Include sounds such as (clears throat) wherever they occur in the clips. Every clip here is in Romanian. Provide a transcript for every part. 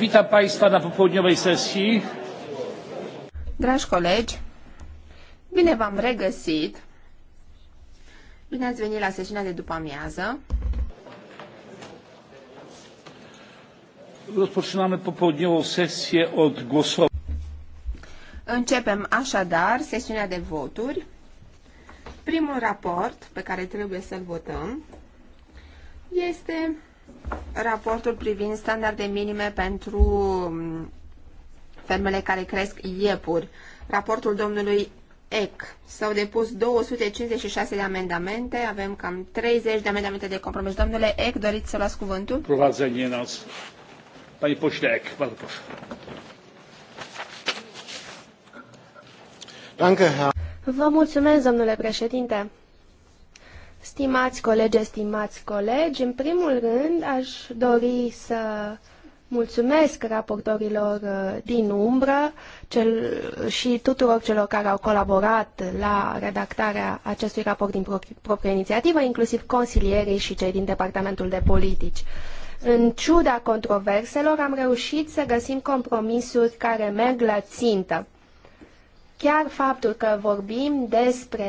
Witam Państwa na popołudniowej sesji. Dragi colegi, bine v-am regăsit. Bine ați venit la sesiunea de după amiază. Rozpoczynamy popołudniową sesję od głosowań. Începem așadar sesiunea de voturi. Primul raport pe care trebuie să-l votăm este raportul privind standarde minime pentru mm, fermele care cresc iepuri, raportul domnului EC. S-au depus 256 de amendamente, avem cam 30 de amendamente de compromis. Domnule EC, doriți să luați cuvântul? Prowadzenie nas. Panie pośle EC, bardzo proszę. Vă mulțumesc, domnule președinte. Stimați colegi, stimați colegi, în primul rând aș dori să mulțumesc raportorilor uh, din umbră cel, și tuturor celor care au colaborat la redactarea acestui raport din proprie inițiativă, inclusiv consilierii și cei din Departamentul de Politici. În ciuda controverselor, am reușit să găsim compromisuri care merg la țintă. Chiar faptul că vorbim despre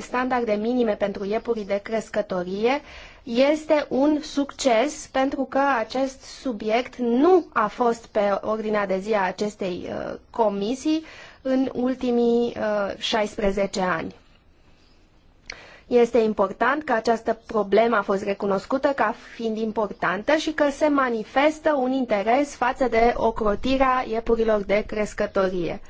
standarde minime pentru iepurii de crescătorie este un succes pentru că acest subiect nu a fost pe ordinea de zi a acestei uh, comisii în ultimii 16 uh, ani. Este important că această problemă a fost recunoscută ca fiind importantă și că se manifestă un interes față de ocrotirea iepurilor de crescătorie.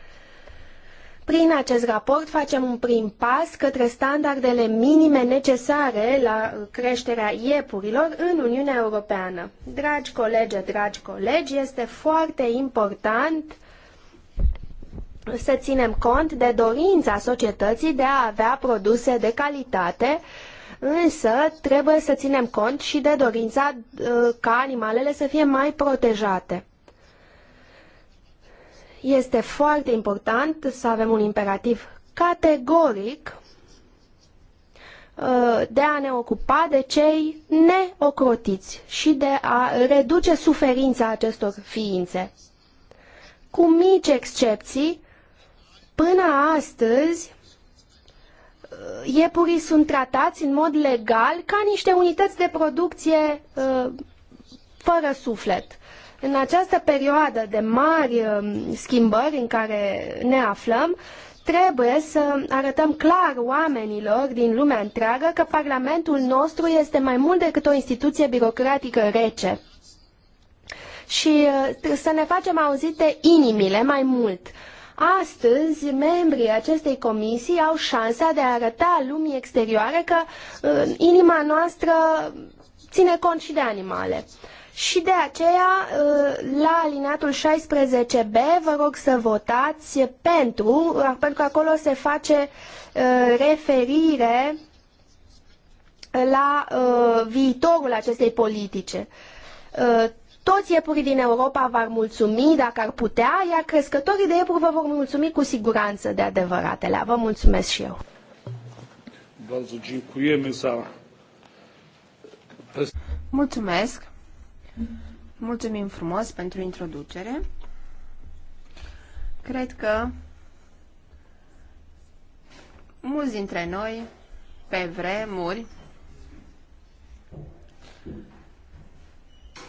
Prin acest raport facem un prim pas către standardele minime necesare la creșterea iepurilor în Uniunea Europeană. Dragi colegi, dragi colegi, este foarte important să ținem cont de dorința societății de a avea produse de calitate, însă trebuie să ținem cont și de dorința uh, ca animalele să fie mai protejate. Este foarte important să avem un imperativ categoric uh, de a ne ocupa de cei neocrotiți și de a reduce suferința acestor ființe. Cu mici excepții, până astăzi, uh, iepurii sunt tratați în mod legal ca niște unități de producție uh, fără suflet. În această perioadă de mari um, schimbări în care ne aflăm, trebuie să arătăm clar oamenilor din lumea întreagă că Parlamentul nostru este mai mult decât o instituție birocratică rece și uh, să ne facem auzite inimile mai mult. Astăzi, membrii acestei comisii au șansa de a arăta lumii exterioare că uh, inima noastră ține cont și de animale și de aceea uh, la alineatul 16b vă rog să votați pentru, uh, pentru că acolo se face uh, referire la viitorul acestei politice. Toți iepurii din Europa v-ar mulțumi dacă ar putea, iar crescătorii de iepuri vă vor mulțumi cu siguranță de adevăratele. Vă mulțumesc și eu. Mulțumesc. Mulțumim frumos pentru introducere. Cred că mulți dintre noi, pe vremuri,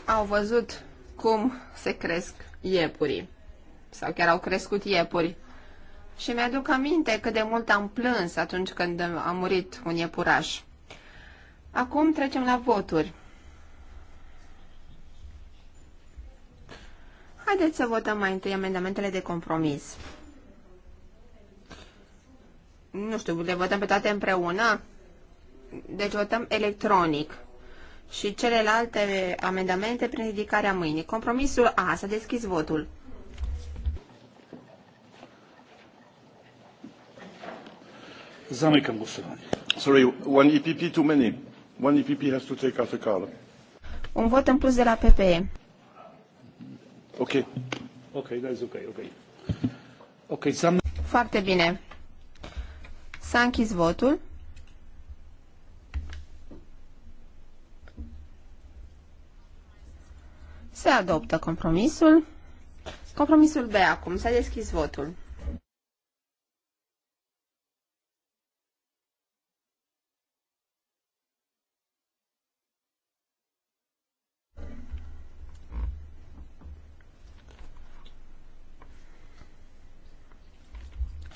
au văzut cum se cresc iepurii sau chiar au crescut iepuri. Și mi-aduc aminte cât de mult am plâns atunci când a murit un iepuraș. Acum trecem la voturi. Haideți să votăm mai întâi amendamentele de compromis. Nu știu, le votăm pe toate împreună? Deci votăm electronic. Și celelalte amendamente prin ridicarea mâinii. Compromisul A. S-a deschis votul. Zamykam głosowanie. Sorry, one EPP too many. One EPP has to take out the card. Un vot în plus de la PPE. Ok. Ok, da, ok, ok. Ok, sam... Foarte bine. S-a închis votul. Se adoptă compromisul. Compromisul B acum. S-a deschis votul.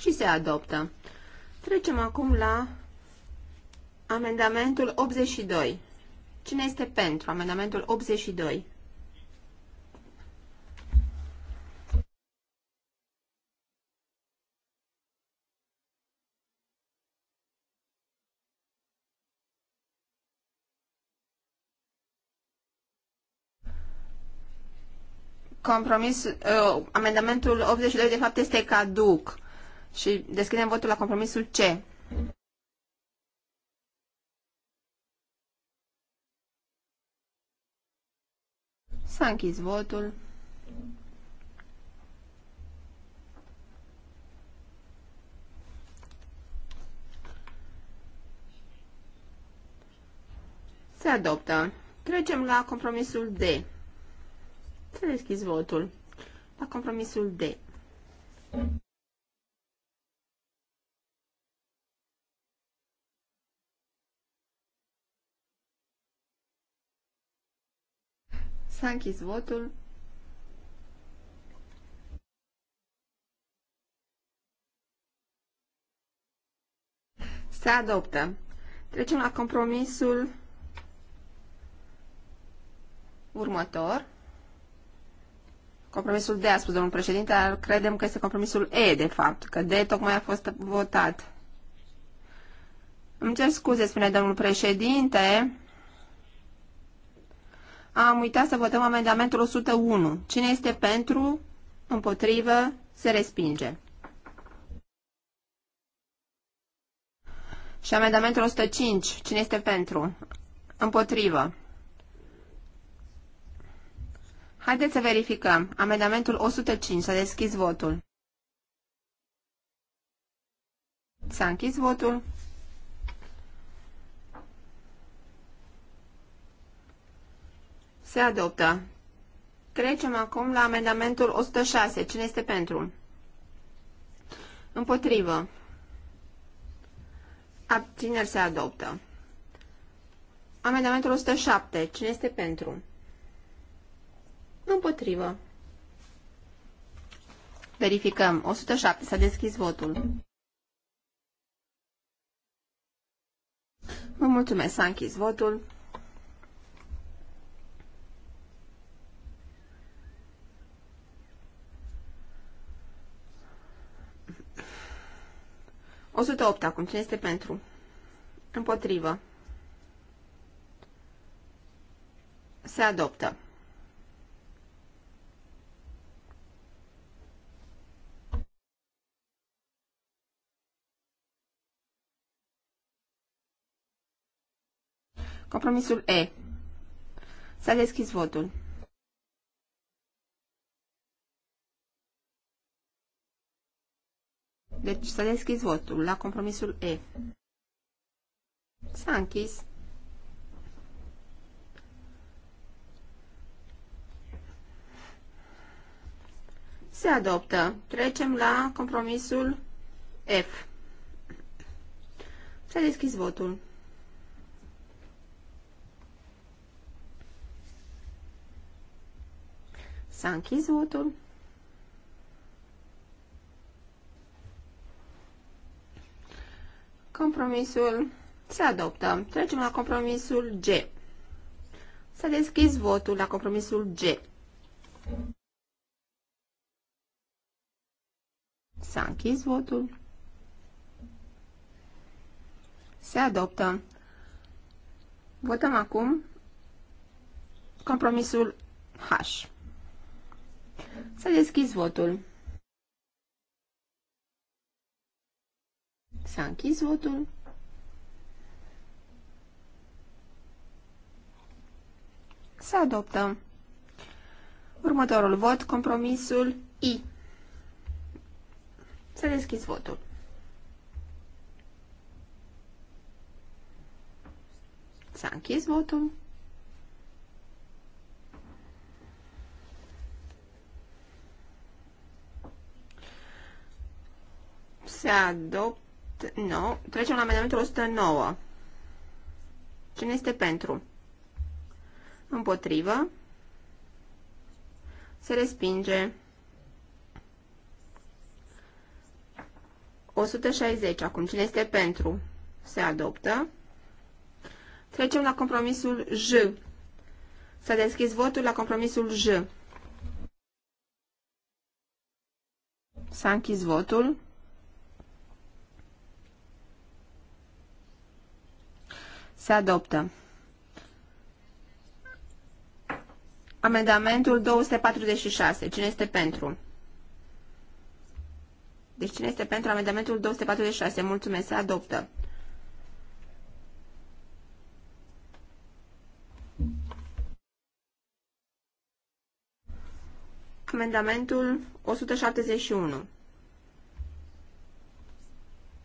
și se adoptă. Trecem acum la amendamentul 82. Cine este pentru amendamentul 82? compromis, uh, amendamentul 82 de fapt este caduc. Și deschidem votul la compromisul C. S-a închis votul. Se adoptă. Trecem la compromisul D. Să deschizi votul. La compromisul D. S-a închis votul. Se adoptă. Trecem la compromisul următor. Compromisul D, a spus domnul președinte, dar credem că este compromisul E, de fapt, că D tocmai a fost votat. Îmi cer scuze, spune domnul președinte, am uitat să votăm amendamentul 101. Cine este pentru, împotrivă, se respinge. Și amendamentul 105. Cine este pentru? Împotrivă. Haideți să verificăm. Amendamentul 105. S-a deschis votul. S-a închis votul. Se adoptă. Trecem acum la amendamentul 106. Cine este pentru? Împotrivă. Abțineri se adoptă. Amendamentul 107. Cine este pentru? Împotrivă. Verificăm. 107. S-a deschis votul. Vă mulțumesc. S-a închis votul. 108 acum. Cine este pentru? Împotrivă. Se adoptă. Compromisul E. S-a deschis votul. Deci să deschizi votul la compromisul E. S-a închis. Se adoptă. Trecem la compromisul F. S-a deschis votul. S-a închis votul. Compromisul se adoptă. Trecem la compromisul G. S-a deschis votul la compromisul G. S-a închis votul. Se adoptă. Votăm acum compromisul H. S-a deschis votul. S-a închis votul. Se adoptă. Următorul vot, compromisul I. Să deschis votul. S-a închis votul. Se adoptă 109. Trecem la amendamentul 109. Cine este pentru? Împotrivă. Se respinge. 160. Acum, cine este pentru? Se adoptă. Trecem la compromisul J. S-a deschis votul la compromisul J. S-a închis votul. Se adoptă. Amendamentul 246. Cine este pentru? Deci cine este pentru amendamentul 246? Mulțumesc. Se adoptă. Amendamentul 171.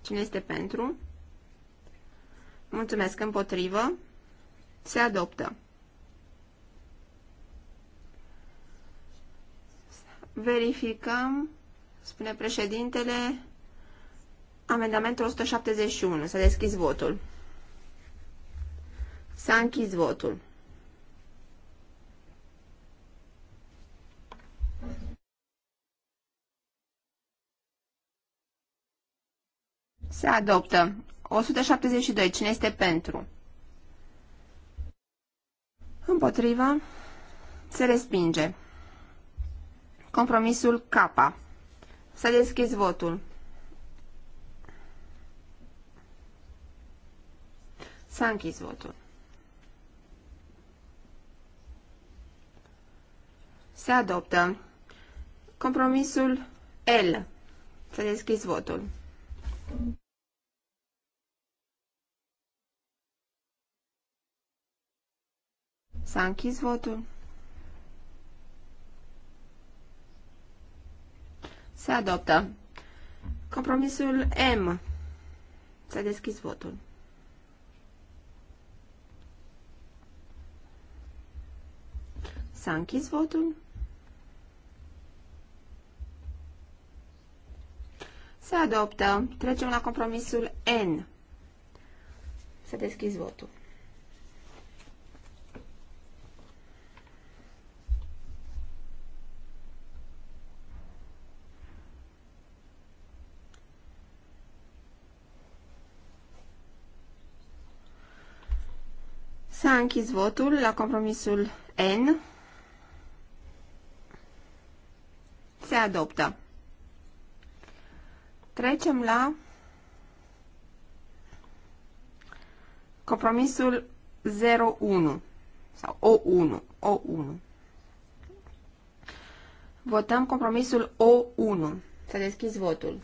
Cine este pentru? Mulțumesc împotrivă. Se adoptă. Verificăm, spune președintele, amendamentul 171. S-a deschis votul. S-a închis votul. Se adoptă. 172. Cine este pentru? Împotriva. Se respinge. Compromisul K. S-a deschis votul. S-a închis votul. Se adoptă. Compromisul L. S-a deschis votul. S-a închis votul. Se adoptă. Compromisul M. S-a deschis votul. S-a închis votul. Se adoptă. Trecem la compromisul N. S-a deschis votul. S-a închis votul la compromisul N. Se adoptă. Trecem la compromisul 01 sau O1, O1. Votăm compromisul O1. Să deschis votul.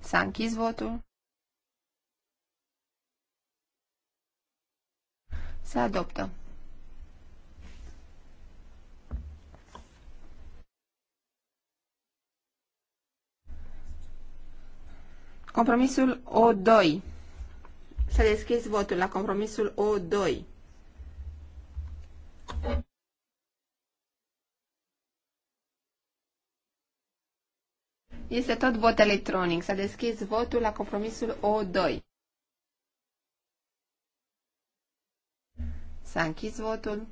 S-a închis votul. Se adoptă. Compromisul O2. S-a deschis votul la compromisul O2. Este tot vot electronic. S-a deschis votul la compromisul O2. S-a închis votul.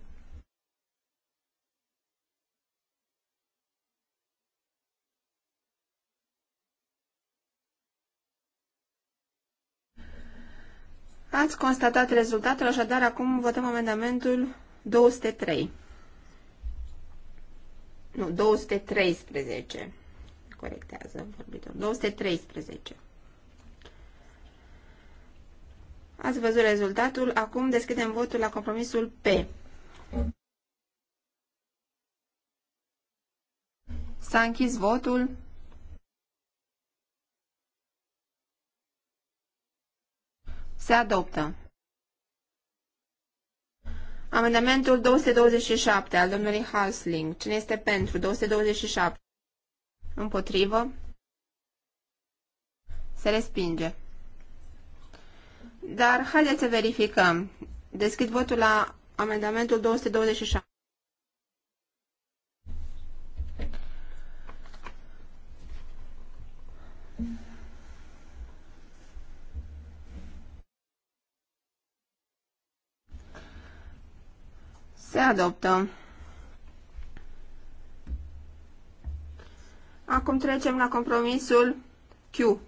Ați constatat rezultatul, așadar acum votăm amendamentul 203. Nu, 213. Corectează vorbitor. 213. Ați văzut rezultatul. Acum deschidem votul la compromisul P. S-a închis votul. Se adoptă. Amendamentul 227 al domnului Halsling. Cine este pentru? 227. Împotrivă. Se respinge. Dar haideți să verificăm. Deschid votul la amendamentul 227. Se adoptă. Acum trecem la compromisul Q.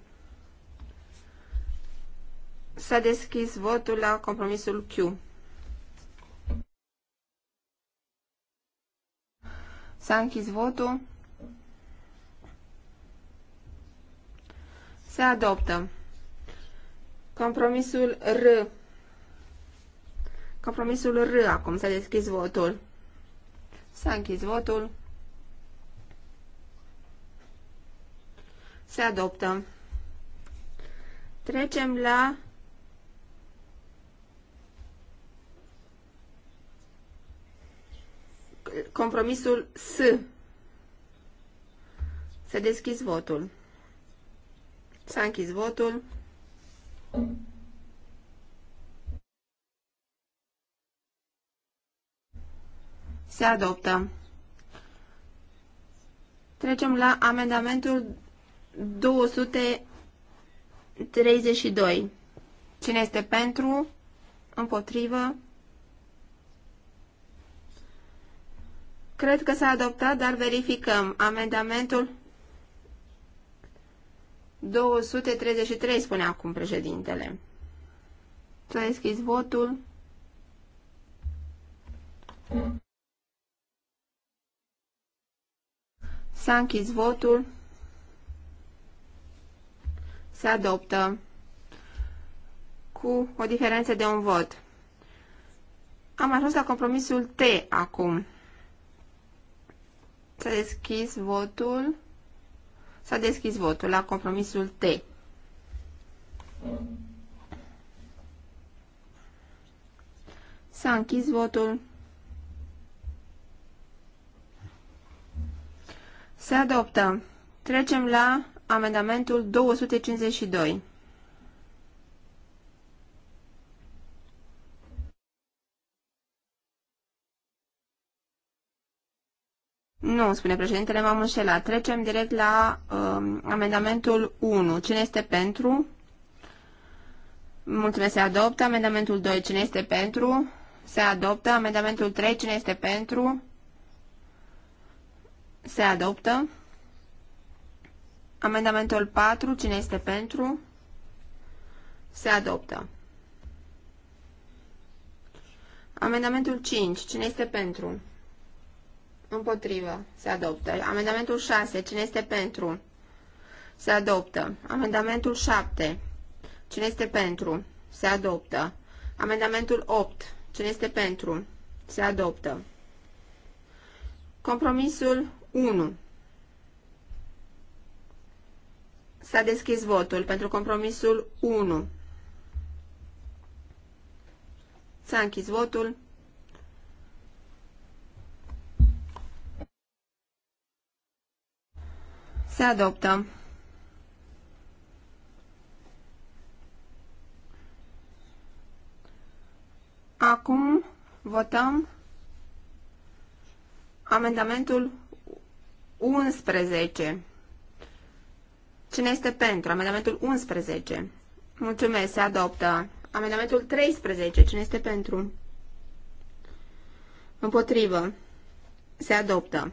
S-a deschis votul la compromisul Q. S-a închis votul. Se adoptă. Compromisul R. Compromisul R. Acum s-a deschis votul. S-a închis votul. Se adoptă. Trecem la Compromisul S. Să deschizi votul. S-a închis votul. Se adoptă. Trecem la amendamentul 232. Cine este pentru? Împotrivă? Cred că s-a adoptat, dar verificăm. Amendamentul 233, spune acum președintele. S-a deschis votul. S-a închis votul. Se adoptă cu o diferență de un vot. Am ajuns la compromisul T acum. S-a deschis votul. S-a deschis votul la compromisul T. S-a închis votul. Se adoptă. Trecem la amendamentul 252. Nu, spune președintele, m-am înșelat. Trecem direct la uh, amendamentul 1. Cine este pentru? Mulțumesc, se adoptă. Amendamentul 2. Cine este pentru? Se adoptă. Amendamentul 3. Cine este pentru? Se adoptă. Amendamentul 4. Cine este pentru? Se adoptă. Amendamentul 5. Cine este pentru? Împotrivă. Se adoptă. Amendamentul 6. Cine este pentru? Se adoptă. Amendamentul 7. Cine este pentru? Se adoptă. Amendamentul 8. Cine este pentru? Se adoptă. Compromisul 1. S-a deschis votul pentru compromisul 1. S-a închis votul. Se adoptă. Acum votăm amendamentul 11. Cine este pentru? Amendamentul 11. Mulțumesc, se adoptă. Amendamentul 13. Cine este pentru? Împotrivă. Se adoptă.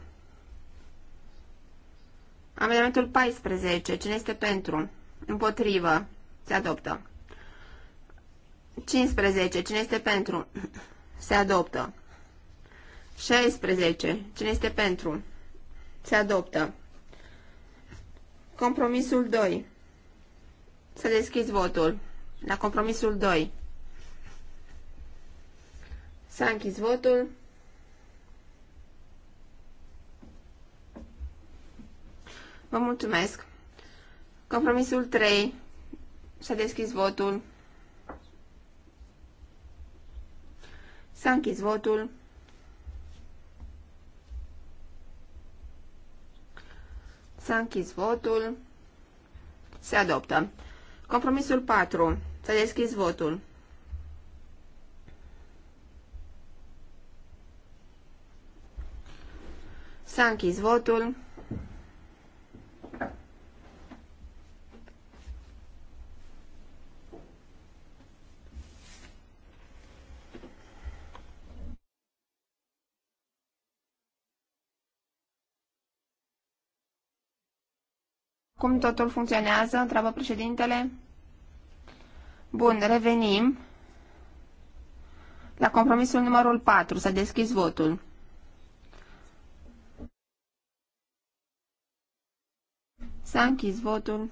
Amendamentul 14. Cine este pentru? Împotrivă. Se adoptă. 15. Cine este pentru? (clears throat) Se adoptă. 16. Cine este pentru? Se adoptă. Compromisul 2. Să deschizi votul. La compromisul 2. S-a închis votul. Vă mulțumesc. Compromisul 3. S-a deschis votul. S-a închis votul. S-a închis votul. Se adoptă. Compromisul 4. S-a deschis votul. S-a închis votul. acum totul funcționează? Întreabă președintele. Bun, revenim la compromisul numărul 4. S-a deschis votul. S-a închis votul.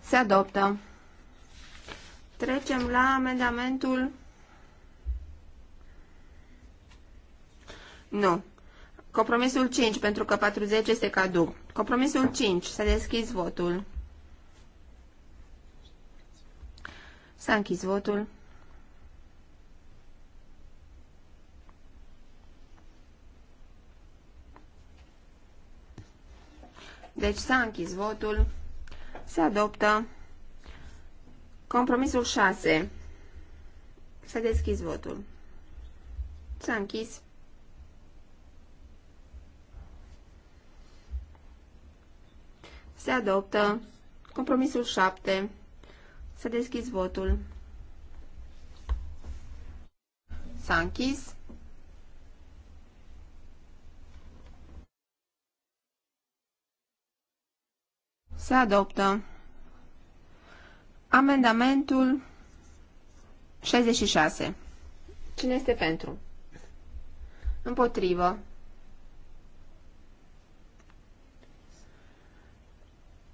Se adoptă. Trecem la amendamentul Nu. Compromisul 5, pentru că 40 este cadou. Compromisul 5, s-a deschis votul. S-a închis votul. Deci s-a închis votul. Se adoptă compromisul 6. S-a deschis votul. S-a închis. Se adoptă. Compromisul 7. Să deschizi votul. S-a închis. Se adoptă. Amendamentul 66. Cine este pentru? Împotrivă.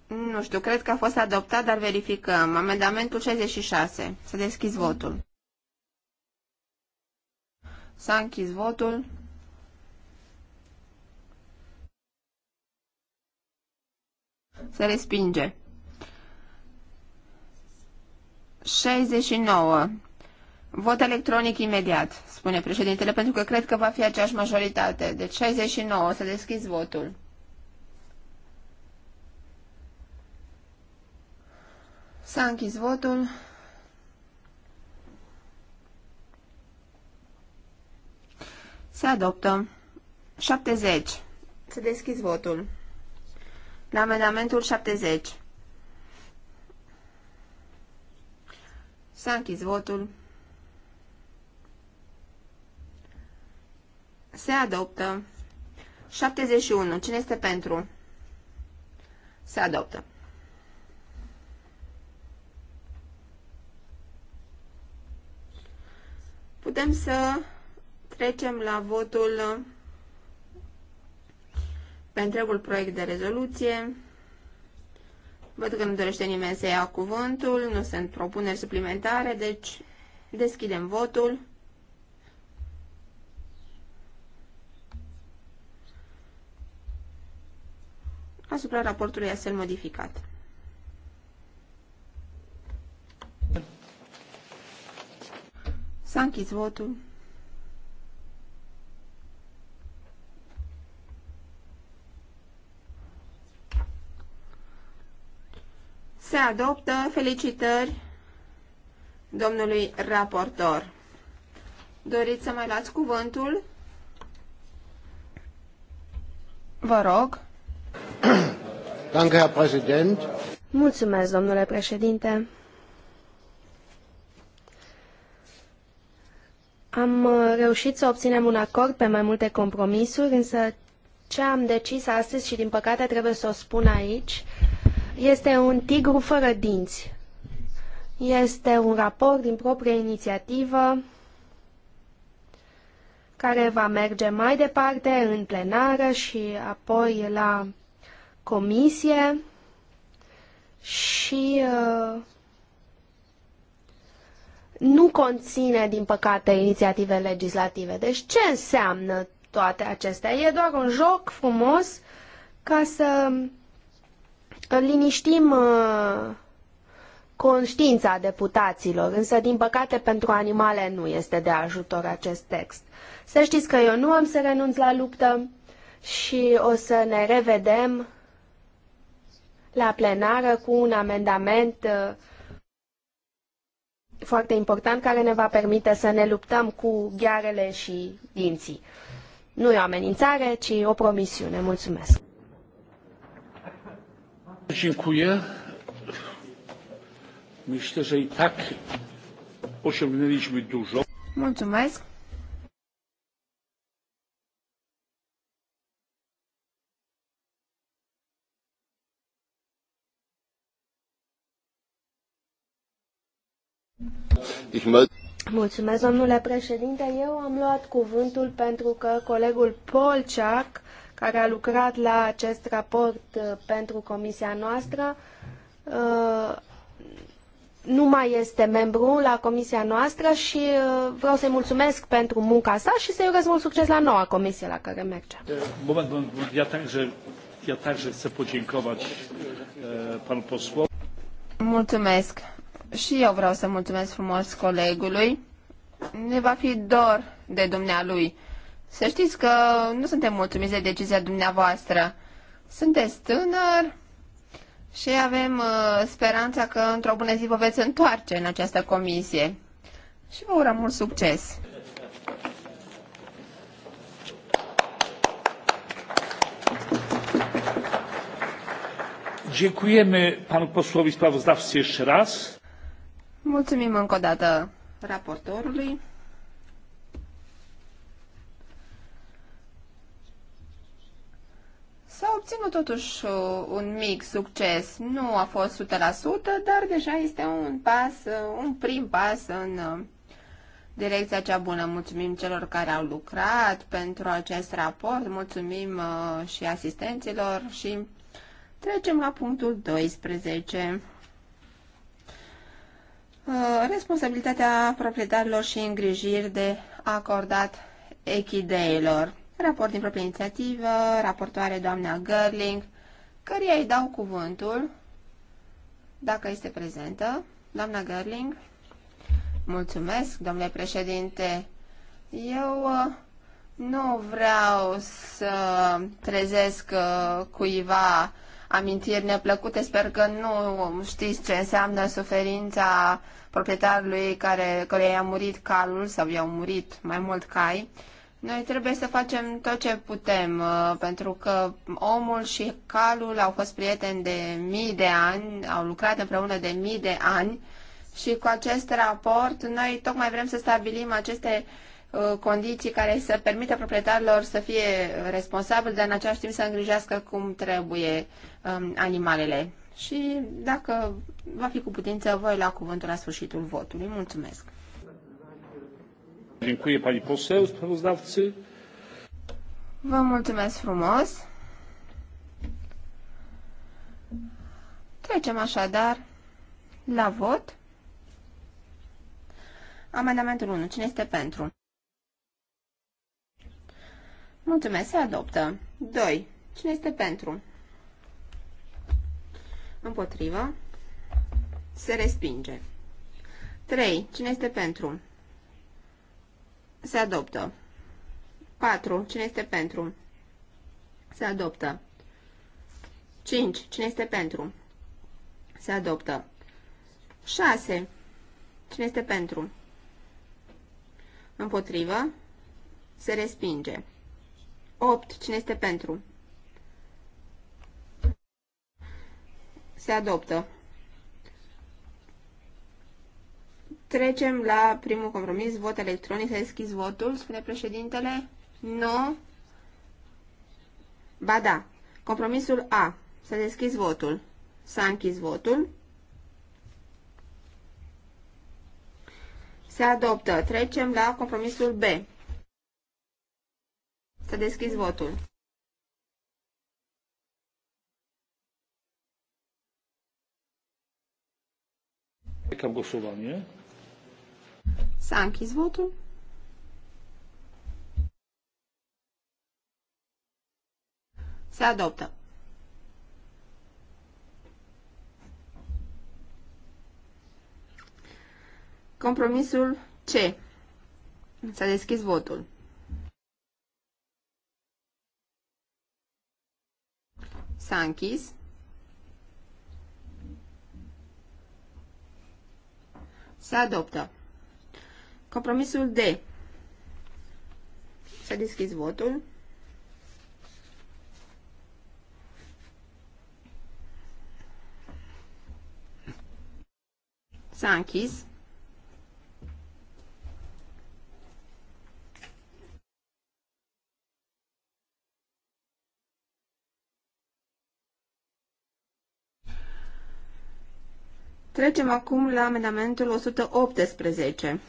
Nu știu, cred că a fost adoptat, dar verificăm. Amendamentul 66. Să deschis votul. S-a închis votul. Se respinge. 69. Vot electronic imediat, spune președintele, pentru că cred că va fi aceeași majoritate. Deci 69. Să deschizi votul. S-a închis votul. Se adoptă. 70. se deschis votul. La amendamentul 70. S-a închis votul. Se adoptă. 71. Cine este pentru? Se adoptă. Putem să trecem la votul pe întregul proiect de rezoluție. Văd că nu dorește nimeni să ia cuvântul, nu sunt propuneri suplimentare, deci deschidem votul. Asupra raportului astfel modificat. S-a închis votul. Se adoptă felicitări domnului raportor. Doriți să mai luați cuvântul? Vă rog. Mulțumesc, domnule președinte. Am uh, reușit să obținem un acord pe mai multe compromisuri, însă ce am decis astăzi și din păcate trebuie să o spun aici, este un tigru fără dinți. Este un raport din proprie inițiativă care va merge mai departe în plenară și apoi la comisie și uh, nu conține, din păcate, inițiative legislative. Deci ce înseamnă toate acestea? E doar un joc frumos ca să liniștim uh, conștiința deputaților, însă din păcate pentru animale nu este de ajutor acest text. Să știți că eu nu am să renunț la luptă și o să ne revedem la plenară cu un amendament uh, foarte important care ne va permite să ne luptăm cu ghearele și dinții. Nu e o amenințare, ci o promisiune. Mulțumesc! Dziękuję. Myślę, że i tak osiągnęliśmy dużo. Mulțumesc. Mulțumesc, domnule președinte. Eu am luat cuvântul pentru că colegul Polciac, care a lucrat la acest raport uh, pentru comisia noastră, uh, nu mai este membru la comisia noastră și uh, vreau să-i mulțumesc pentru munca sa și să-i urez mult succes la noua comisie la care merge. Moment, moment, Mulțumesc. Și eu vreau să mulțumesc frumos colegului. Ne va fi dor de dumnealui. Să știți că nu suntem mulțumiți de decizia dumneavoastră. Sunteți tânăr și avem uh, speranța că într-o bună zi vă veți întoarce în această comisie. Și vă urăm mult succes! Dziękujemy panu posłowi sprawozdawcy jeszcze raz. Mulțumim încă o dată raportorului. S-a obținut totuși uh, un mic succes. Nu a fost 100%, dar deja este un pas, uh, un prim pas în uh, direcția cea bună. Mulțumim celor care au lucrat pentru acest raport, mulțumim și asistenților și trecem la punctul 12. Uh, responsabilitatea proprietarilor și îngrijiri de acordat echideilor. Raport din proprie inițiativă, raportoare doamna Gerling, căreia îi dau cuvântul, dacă este prezentă. Doamna Gerling, mulțumesc, domnule președinte. Eu uh, nu vreau să trezesc uh, cuiva amintiri neplăcute. Sper că nu știți ce înseamnă suferința uh, proprietarului care, care i-a murit calul sau i-au murit mai mult cai, noi trebuie să facem tot ce putem, uh, pentru că omul și calul au fost prieteni de mii de ani, au lucrat împreună de mii de ani și cu acest raport noi tocmai vrem să stabilim aceste uh, condiții care să permită proprietarilor să fie responsabili, dar în același timp să îngrijească cum trebuie um, animalele și dacă va fi cu putință, voi la cuvântul la sfârșitul votului. Mulțumesc! Vă mulțumesc frumos. Trecem așadar la vot. Amendamentul 1. Cine este pentru? Mulțumesc, se adoptă. 2. Cine este pentru? Împotrivă. Se respinge. 3. Cine este pentru? Se adoptă. 4. Cine este pentru? Se adoptă. 5. Cine este pentru? Se adoptă. 6. Cine este pentru? Împotrivă. Se respinge. 8. Cine este pentru? Se adoptă. Trecem la primul compromis, vot electronic. S-a deschis votul, spune președintele. Nu. Ba da. Compromisul A. S-a deschis votul. S-a închis votul. Se adoptă. Trecem la compromisul B. Să deschizi deschis votul. Cam głosowanie. votul. Se adoptă. Compromisul C. S-a deschis votul. S-a închis. Se adoptă. Compromisul D. Să deschizi votul. S-a închis. Trecem acum la amendamentul 118.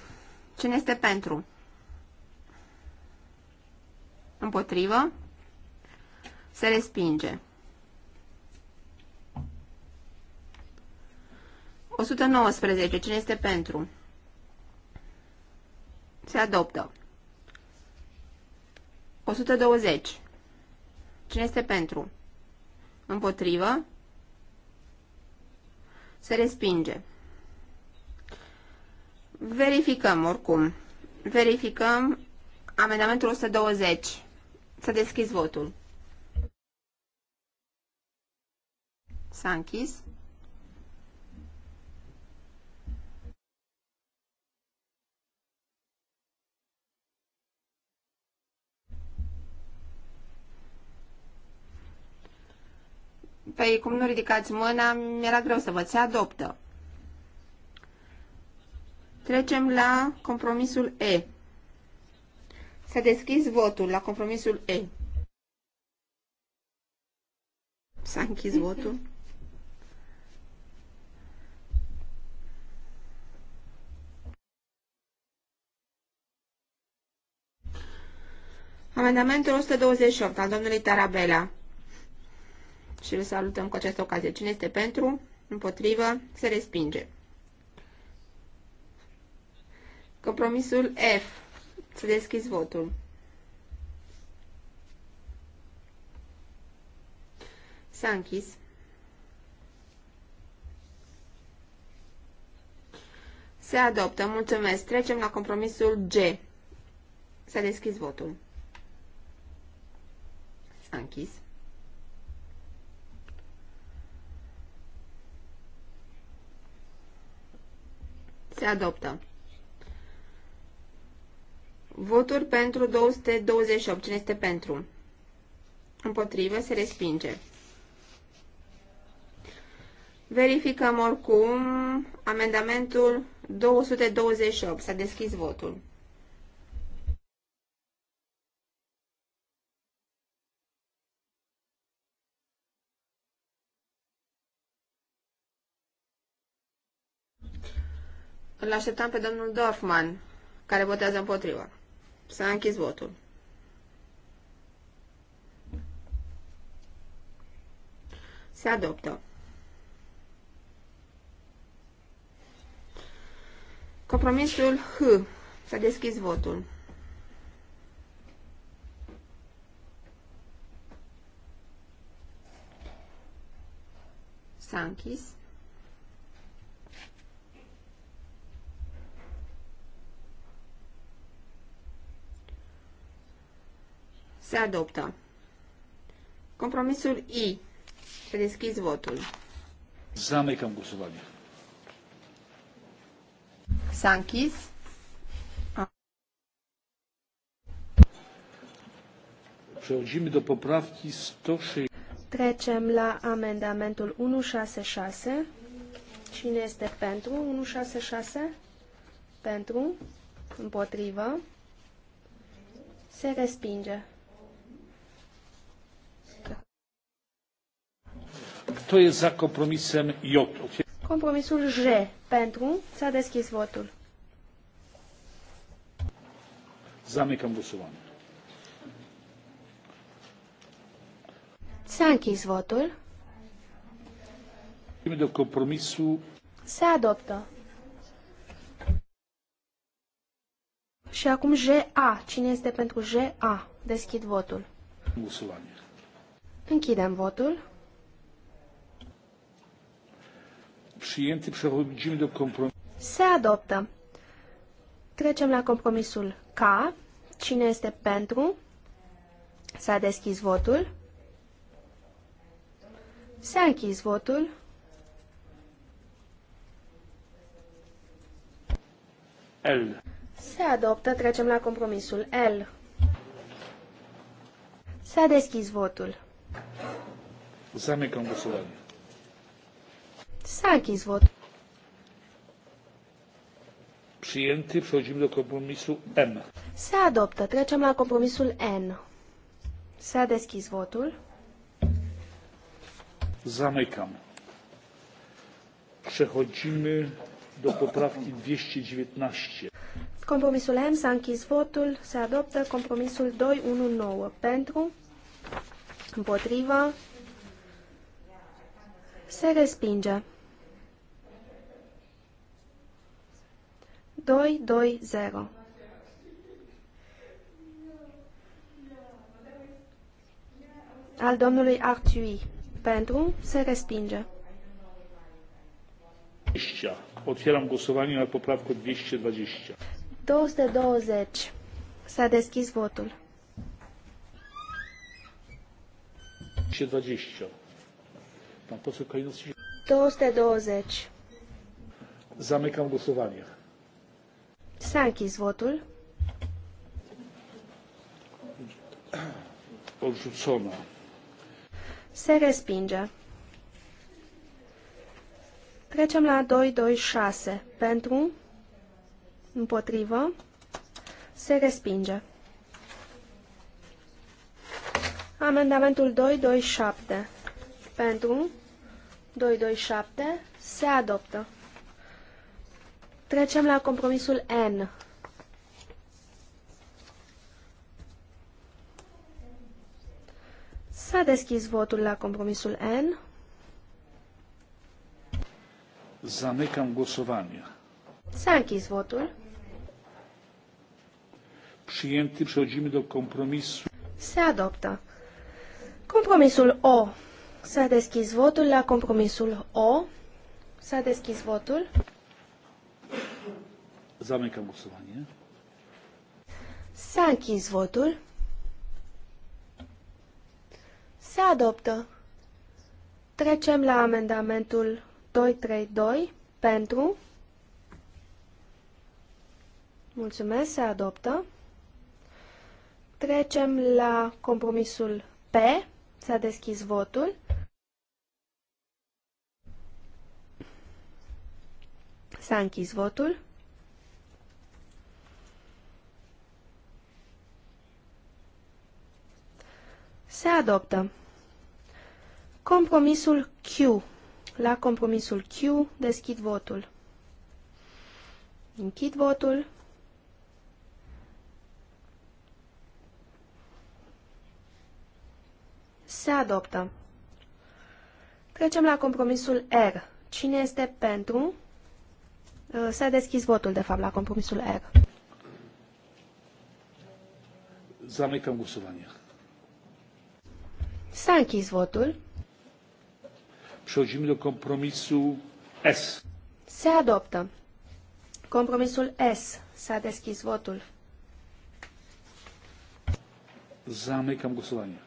Cine este pentru? Împotrivă? Se respinge. 119. Cine este pentru? Se adoptă. 120. Cine este pentru? Împotrivă? Se respinge. Verificăm oricum. Verificăm amendamentul 120. Să deschis votul. S-a închis. Păi, cum nu ridicați mâna, mi-era greu să văd. Se adoptă. Trecem la compromisul E. S-a deschis votul la compromisul E. S-a închis votul. Amendamentul 128 al domnului Tarabela și îl salutăm cu această ocazie. Cine este pentru, împotrivă, se respinge. Compromisul F. Să deschizi votul. S-a închis. Se adoptă. Mulțumesc. Trecem la compromisul G. S-a deschis votul. S-a închis. se adoptă. Voturi pentru 228. Cine este pentru? Împotrivă, se respinge. Verificăm oricum amendamentul 228. S-a deschis votul. Îl așteptam pe domnul Dorfman, care votează împotriva. S-a închis votul. Se adoptă. Compromisul H. S-a deschis votul. S-a închis. Se adoptă. Compromisul I. Se deschis votul. Zamecăm głosowanie. S-a închis. Przechodzimy do poprawki 106. Trecem la amendamentul 166. Cine este pentru 166? Pentru, împotrivă, se respinge. Kto jest za kompromisem J? Compromisul J. Pentru. S-a deschis votul. Zamykam głosowanie. S-a închis votul. De compromisul... Se adoptă. Și acum JA. Cine este pentru JA? Deschid votul. Głosowanie. Închidem votul. Se adoptă. Trecem la compromisul K. Cine este pentru? S-a deschis votul. S-a închis votul. L. Se adoptă. Trecem la compromisul L. S-a deschis votul. Zame, głosowanie. S-a închis votul. Przyjęty. Przechodzimy de compromisul M. Se adoptă. Trecem la compromisul N. S-a deschis votul. Zamecam. Przechodzimy do poprawki 219. Compromisul M s-a închis votul, se adoptă compromisul 219 pentru, împotriva, se respinge. 2, 2, 0. Al domnului Arciui. Pentru se respinge. Otwieram głosowanie nad poprawką 220. 220. S-a deschis votul. 220. Pan poseł Kalinowski. 220. Zamykam głosowanie. S-a închis votul. Odrzucona. Se respinge. Trecem la 226. Pentru, împotrivă, se respinge. Amendamentul 227. Pentru, 227, se adoptă. Trecem la compromisul N. S-a deschis votul la compromisul N. Zamykam głosowanie. S-a închis votul. Przyjęty. Przechodzimy do kompromisu. Se adoptă. Compromisul O. S-a deschis votul la compromisul O. S-a deschis votul. Zamykam głosowanie. S-a închis votul. Se adoptă. Trecem la amendamentul 232 pentru. Mulțumesc, se adoptă. Trecem la compromisul P. S-a deschis votul. S-a închis votul. Se adoptă. Compromisul Q. La compromisul Q deschid votul. Închid votul. Se adoptă. Trecem la compromisul R. Cine este pentru? Uh, s-a deschis votul, de fapt, la compromisul R. Zamykam głosowanie. S-a închis votul. Przechodzimy do compromisu S. Se adoptă. Compromisul S. S-a deschis votul. Zamykam głosowanie.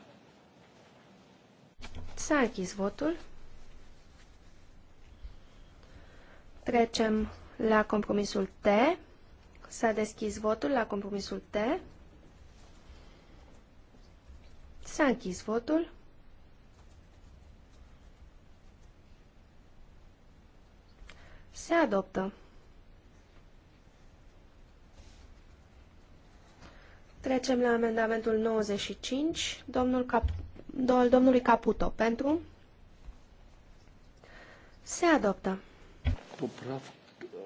S-a închis votul. Trecem la compromisul T. S-a deschis votul la compromisul T. S-a închis votul. Se adoptă. Trecem la amendamentul 95, domnul Cap domnului Caputo. Pentru? Se adoptă. Poprav,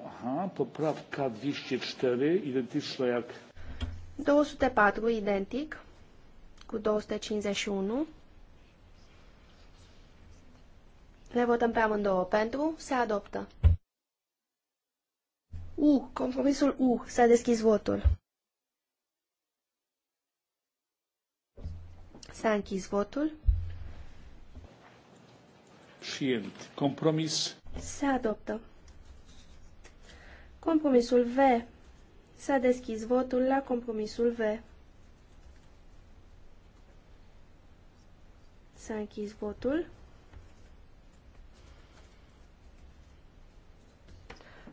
aha, ca 204, identic jak... 204, identic cu 251. Le votăm pe amândouă. Pentru se adoptă. U. Compromisul U. S-a deschis votul. S-a închis votul. Shield. Compromis. Se adoptă. Compromisul V. S-a deschis votul la compromisul V. Să închizi votul.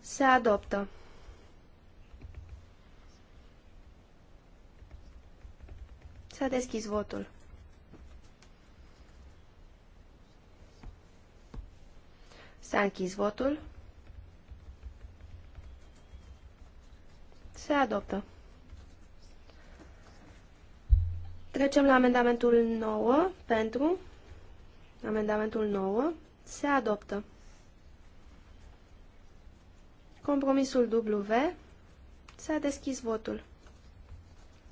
Se adoptă. S-a deschis votul. S-a închis votul. Se adoptă. Trecem la amendamentul 9 pentru. Amendamentul 9 se adoptă. Compromisul W s-a deschis votul.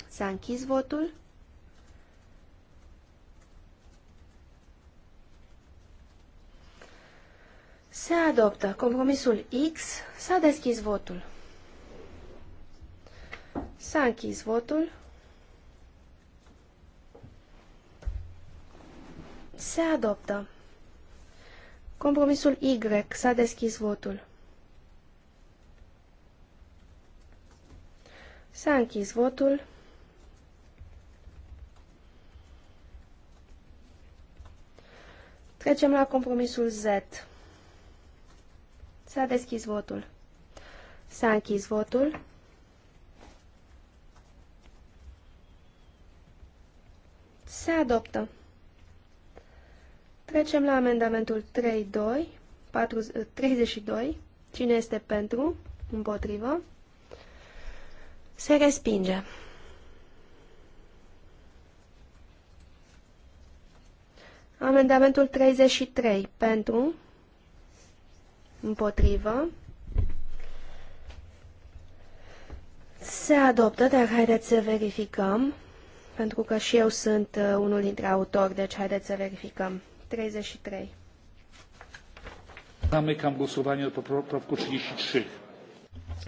S-a închis votul. Se adoptă. Compromisul X s-a deschis votul. S-a închis votul. Se adoptă. Compromisul Y. S-a deschis votul. S-a închis votul. Trecem la compromisul Z. S-a deschis votul. S-a închis votul. Se adoptă. Trecem la amendamentul 32, 4, 32. Cine este pentru? Împotrivă. Se respinge. Amendamentul 33. Pentru. Împotrivă. Se adoptă, dar haideți să verificăm, pentru că și eu sunt uh, unul dintre autori, deci haideți să verificăm. 33. Zamykam głosowanie nad poprawką 33.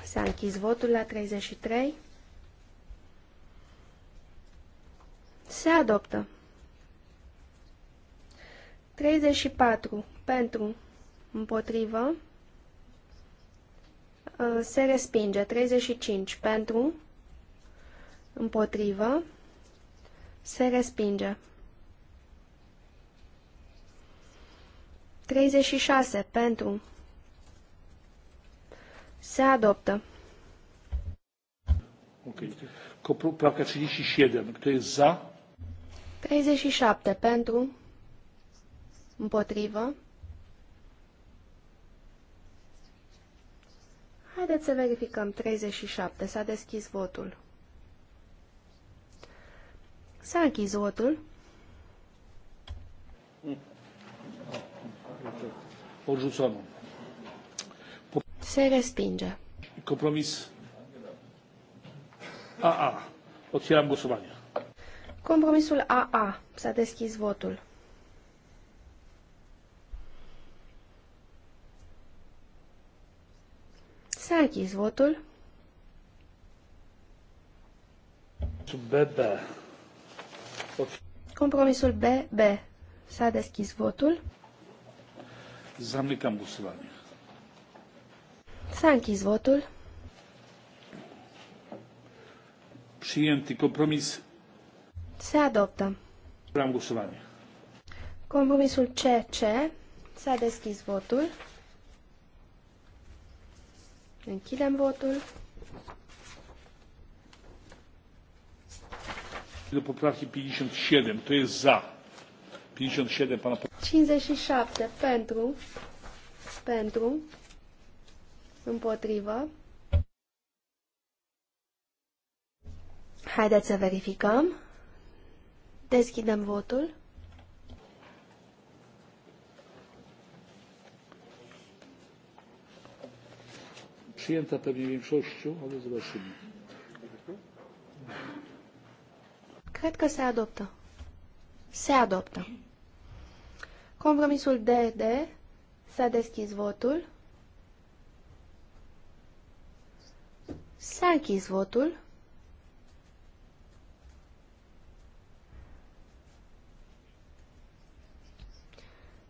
S-a închis votul la 33. Se adoptă. 34. Ă, pentru. Împotrivă. Se respinge. 35. Pentru. Împotrivă. Se respinge. 36. Pentru. Se adoptă. Ok. Copru, placa 37. Kto jest za? 37. Pentru. Împotrivă. Haideți să verificăm. 37. S-a deschis votul. S-a închis votul. Odrzucono. Se respinge. Kompromis AA. Otwieram głosowanie. Compromisul AA. S-a deschis votul. S-a închis votul. BB. Compromisul BB. S-a deschis votul. Zamykam głosowanie. Sanki a închis votul. Przyjęty kompromis. Se adoptă. Am głosowanie. Compromisul CC. S-a deschis votul. Închidem votul. După poprawki 57. To jest za. 57, pana... 57 pentru, pentru, împotrivă. Haideți să verificăm. Deschidem votul. Przyjęta pewnie większością, ale zobaczymy. Cred că se adoptă. Se adoptă. Compromisul DD. S-a deschis votul. S-a închis votul.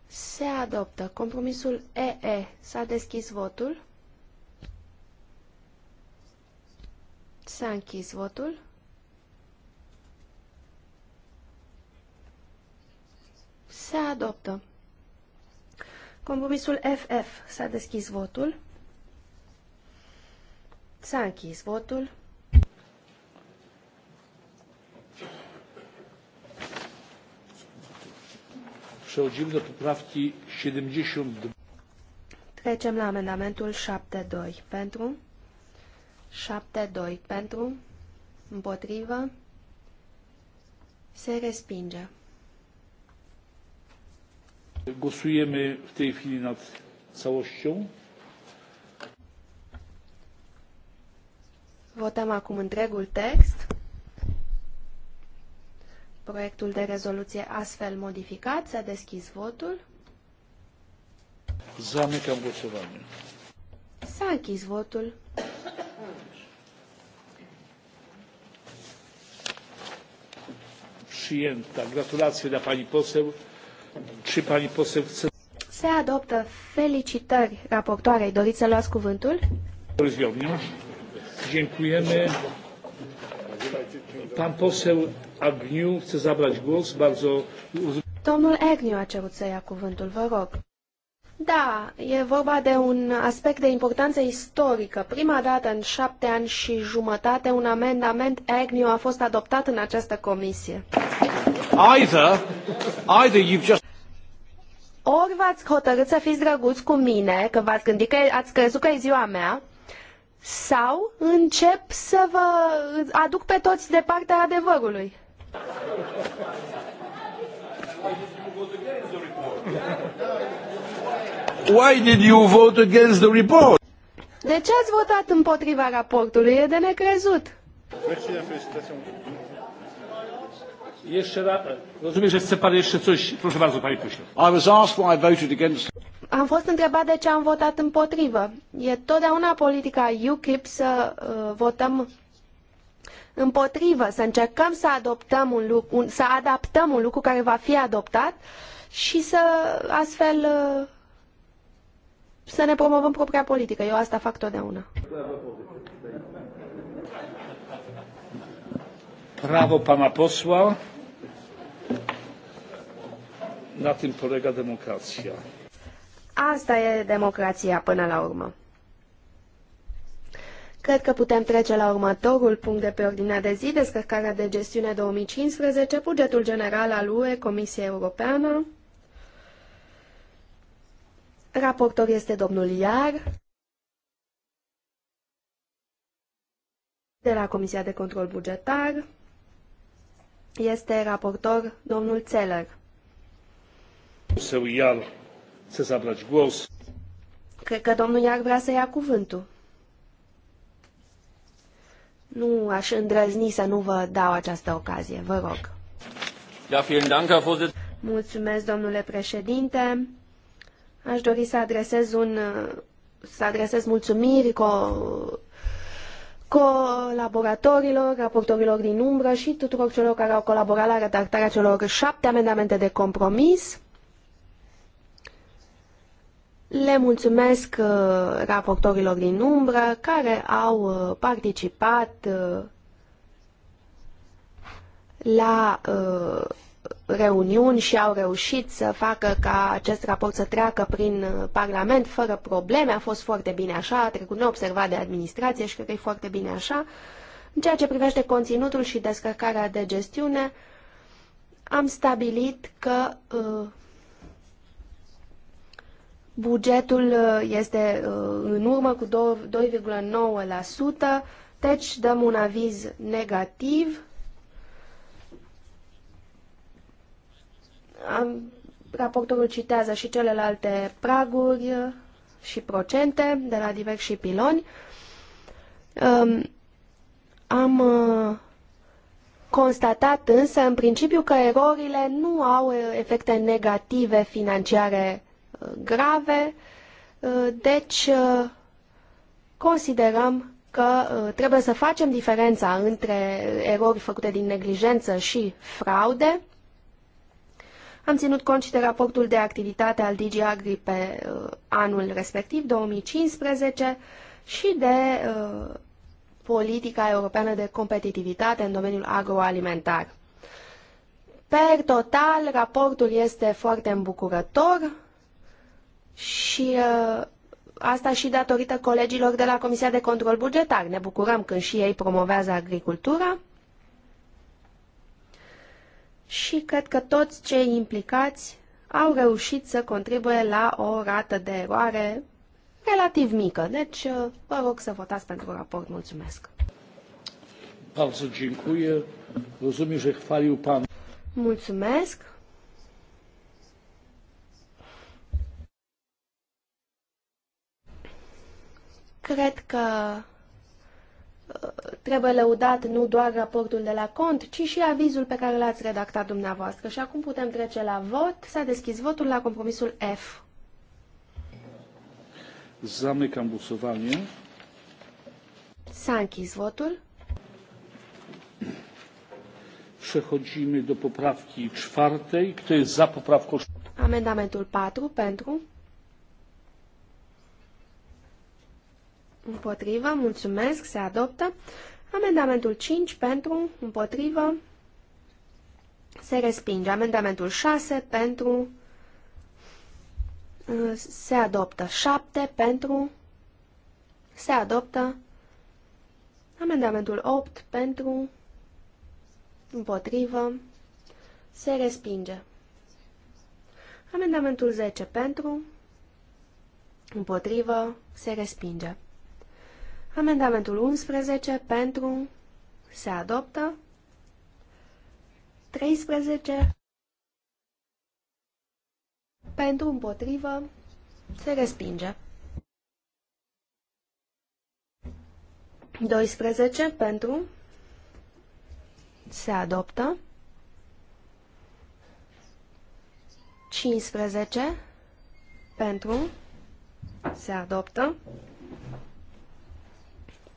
Se adoptă. Compromisul EE. S-a deschis votul. S-a închis votul. se adoptă. Compromisul FF. S-a deschis votul. S-a închis votul. Przechodzimy do poprawki 72. Trecem la amendamentul 72 pentru 72 pentru împotrivă se respinge. Głosujemy w tej chwili nad całością. Votăm acum întregul text. Proiectul de rezoluție astfel modificat. S-a deschis votul. Zamykam głosowanie. S-a închis votul. Przyjęta. Gratulacje dla pani poseł. Se adoptă. Felicitări raportoarei. Doriți să luați cuvântul? Dziękujemy. Pan poseł Agniu chce zabrać głos. Bardzo... Domnul Agniu a cerut să ia cuvântul, vă rog. Da, e vorba de un aspect de importanță istorică. Prima dată în șapte ani și jumătate, un amendament Agnew a fost adoptat în această comisie. Either, either you've just... Ori v-ați hotărât să fiți drăguți cu mine, că v-ați gândit că ați crezut că e ziua mea, sau încep să vă aduc pe toți de partea adevărului. Why did you vote against the report? De ce ați votat împotriva raportului? E de necrezut. I was asked why I voted against. Am fost întrebat de ce am votat împotrivă. E totdeauna politica UKIP să uh, votăm împotrivă, să încercăm să adoptăm un lucru, un, să adaptăm un lucru care va fi adoptat și să astfel uh, să ne promovăm propria politică. Eu asta fac totdeauna. Bravo pana posła. Na tym polega democrația. Asta e democrația până la urmă. Cred că putem trece la următorul punct de pe ordinea de zi, descărcarea de gestiune 2015, bugetul general al UE, Comisia Europeană. Raportor este domnul Iar de la Comisia de Control Bugetar. Este raportor domnul Țeler. Să Iar să se aplaci gos. Cred că domnul Iar vrea să ia cuvântul. Nu aș îndrăzni să nu vă dau această ocazie, vă rog. Mulțumesc, domnule președinte. Aș dori să adresez un să adresez mulțumiri co colaboratorilor, raportorilor din umbră și tuturor celor care au colaborat la redactarea celor șapte amendamente de compromis. Le mulțumesc uh, raportorilor din umbră care au uh, participat uh, la reuniuni și au reușit să facă ca acest raport să treacă prin uh, Parlament fără probleme. A fost foarte bine așa, a trecut neobservat de administrație și cred că e foarte bine așa. În ceea ce privește conținutul și descărcarea de gestiune, am stabilit că uh, bugetul uh, este în urmă cu 2,9%, deci dăm un aviz negativ Am, raportorul citează și celelalte praguri și procente de la diversi și piloni. Um, am uh, constatat însă în principiu că erorile nu au uh, efecte negative financiare uh, grave, deci considerăm că trebuie să facem diferența între erori făcute din neglijență și fraude am ținut cont și de raportul de activitate al DG Agri pe uh, anul respectiv, 2015, și de uh, politica europeană de competitivitate în domeniul agroalimentar. Per total, raportul este foarte îmbucurător și uh, asta și datorită colegilor de la Comisia de Control Bugetar. Ne bucurăm când și ei promovează agricultura și cred că toți cei implicați au reușit să contribuie la o rată de eroare relativ mică. Deci, uh, vă rog să votați pentru raport. Mulțumesc! Bardzo dziękuję. Rozumiem, że chwalił Pan. Mulțumesc. Cred că trebuie lăudat nu doar raportul de la cont, ci și avizul pe care l-ați redactat dumneavoastră. Și acum putem trece la vot. S-a deschis votul la compromisul F. Zamecam busovanie. S-a închis votul. Przechodzimy do poprawki czwartej. Kto jest za poprawką? Amendamentul 4 pentru Împotrivă, mulțumesc, se adoptă. Amendamentul 5 pentru, împotrivă, se respinge. Amendamentul 6 pentru, uh, se adoptă. 7 pentru, se adoptă. Amendamentul 8 pentru, împotrivă, se respinge. Amendamentul 10 pentru, împotrivă, se respinge. Amendamentul 11 pentru se adoptă. 13 pentru împotrivă se respinge. 12 pentru se adoptă. 15 pentru se adoptă.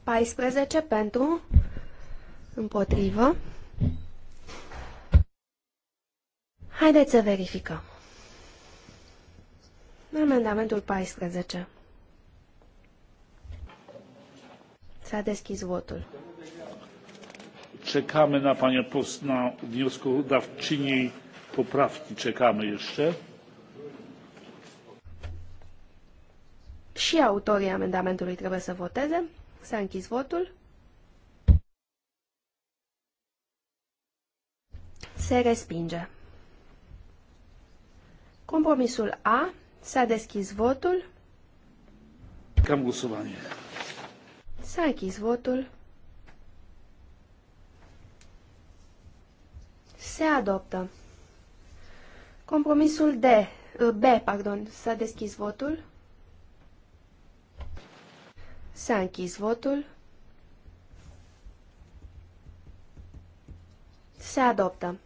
14 pentru, împotrivă. Haideți să verificăm. Amendamentul 14. S-a deschis votul. Czekamy na panią na wnioskodawczyni poprawki. Czekamy jeszcze. Și autorii amendamentului trebuie să voteze. S-a închis votul. Se respinge. Compromisul A. S-a deschis votul. Cam gusovanie. S-a închis votul. Se adoptă. Compromisul D. B, pardon. S-a deschis votul. S-a închis votul. Se adoptă.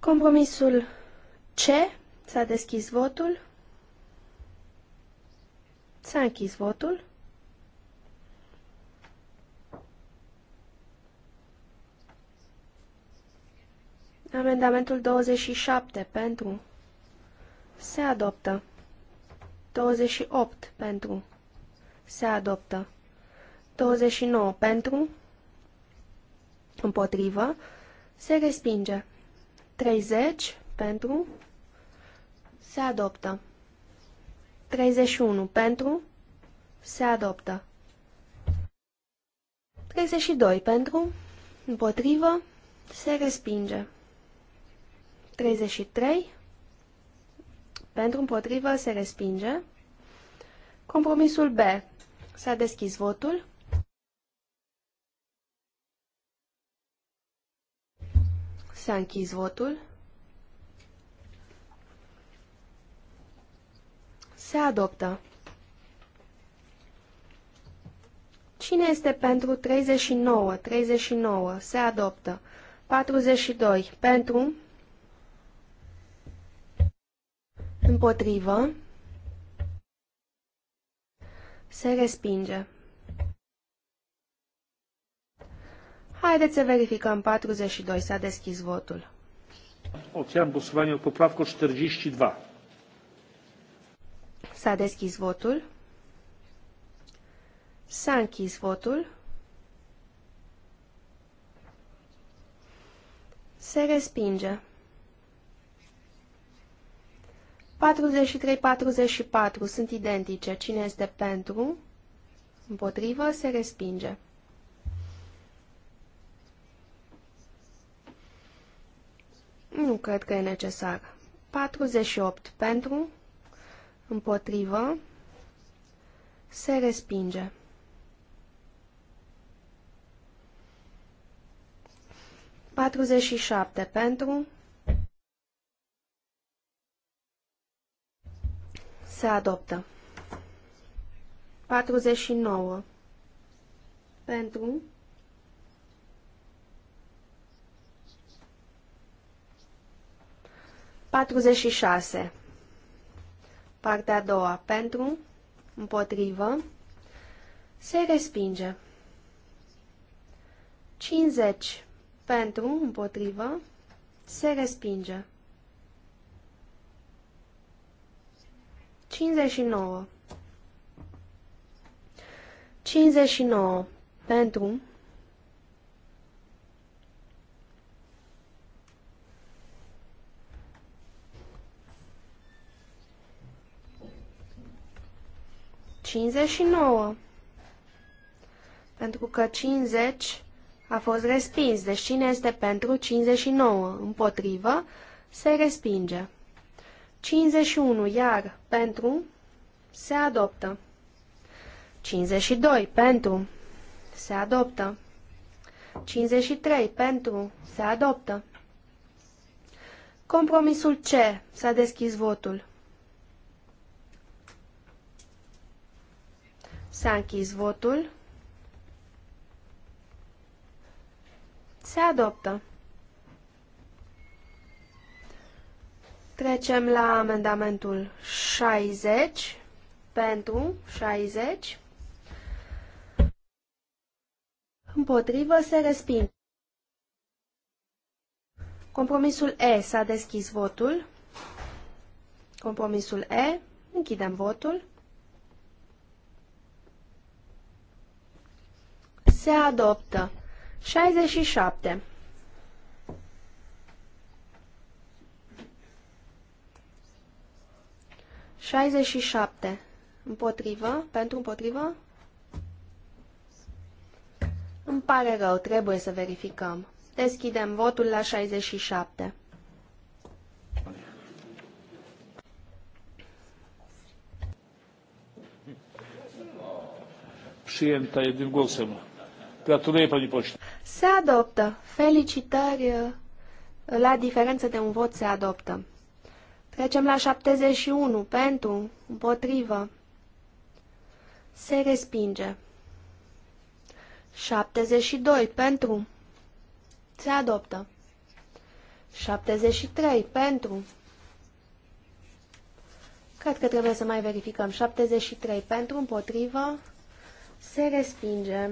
Compromisul C. S-a deschis votul. S-a închis votul. Amendamentul 27 pentru. Se adoptă. 28 pentru. Se adoptă. 29 pentru. Împotrivă. Se respinge. 30 pentru. Se adoptă. 31 pentru. Se adoptă. 32 pentru. Împotrivă. Se respinge. 33 pentru împotrivă se respinge. Compromisul B. S-a deschis votul. S-a închis votul. Se adoptă. Cine este pentru 39? 39. Se adoptă. 42. Pentru. Împotrivă. Se respinge. Haideți să verificăm. 42. S-a deschis votul. Otwieram głosowanie nad 42. S-a deschis votul. S-a închis votul. Se respinge. 43-44 sunt identice. Cine este pentru? Împotrivă se respinge. Nu cred că e necesar. 48 pentru, împotrivă, se respinge. Patruzeci și șapte pentru, Se adoptă. 49. Pentru. Patruzeci și șase. Partea a doua. Pentru. Împotrivă. Se respinge. Cincizeci. Pentru. Împotrivă. Se respinge. 59. 59 pentru cincizeci pentru că 50 a fost respins. Deci cine este pentru 59 împotrivă se respinge. 51, iar pentru se adoptă. 52, pentru se adoptă. 53, pentru se adoptă. Compromisul C. S-a deschis votul. S-a închis votul. Se adoptă. Trecem la amendamentul 60 pentru 60. Împotrivă se respinge. Compromisul E s-a deschis votul. Compromisul E. Închidem votul. Se adoptă. 67. 67. Împotrivă? Pentru împotrivă? Îmi pare rău, trebuie să verificăm. Deschidem votul la 67. Przyjęta jednym głosem. Gratuluję Pani Pośle. Se adoptă. Felicitări. La diferență de un vot se adoptă. Trecem la 71. Pentru, împotrivă. Se respinge. 72. Pentru. Se adoptă. 73. Pentru. Cred că trebuie să mai verificăm. 73. Pentru, împotrivă. Se respinge.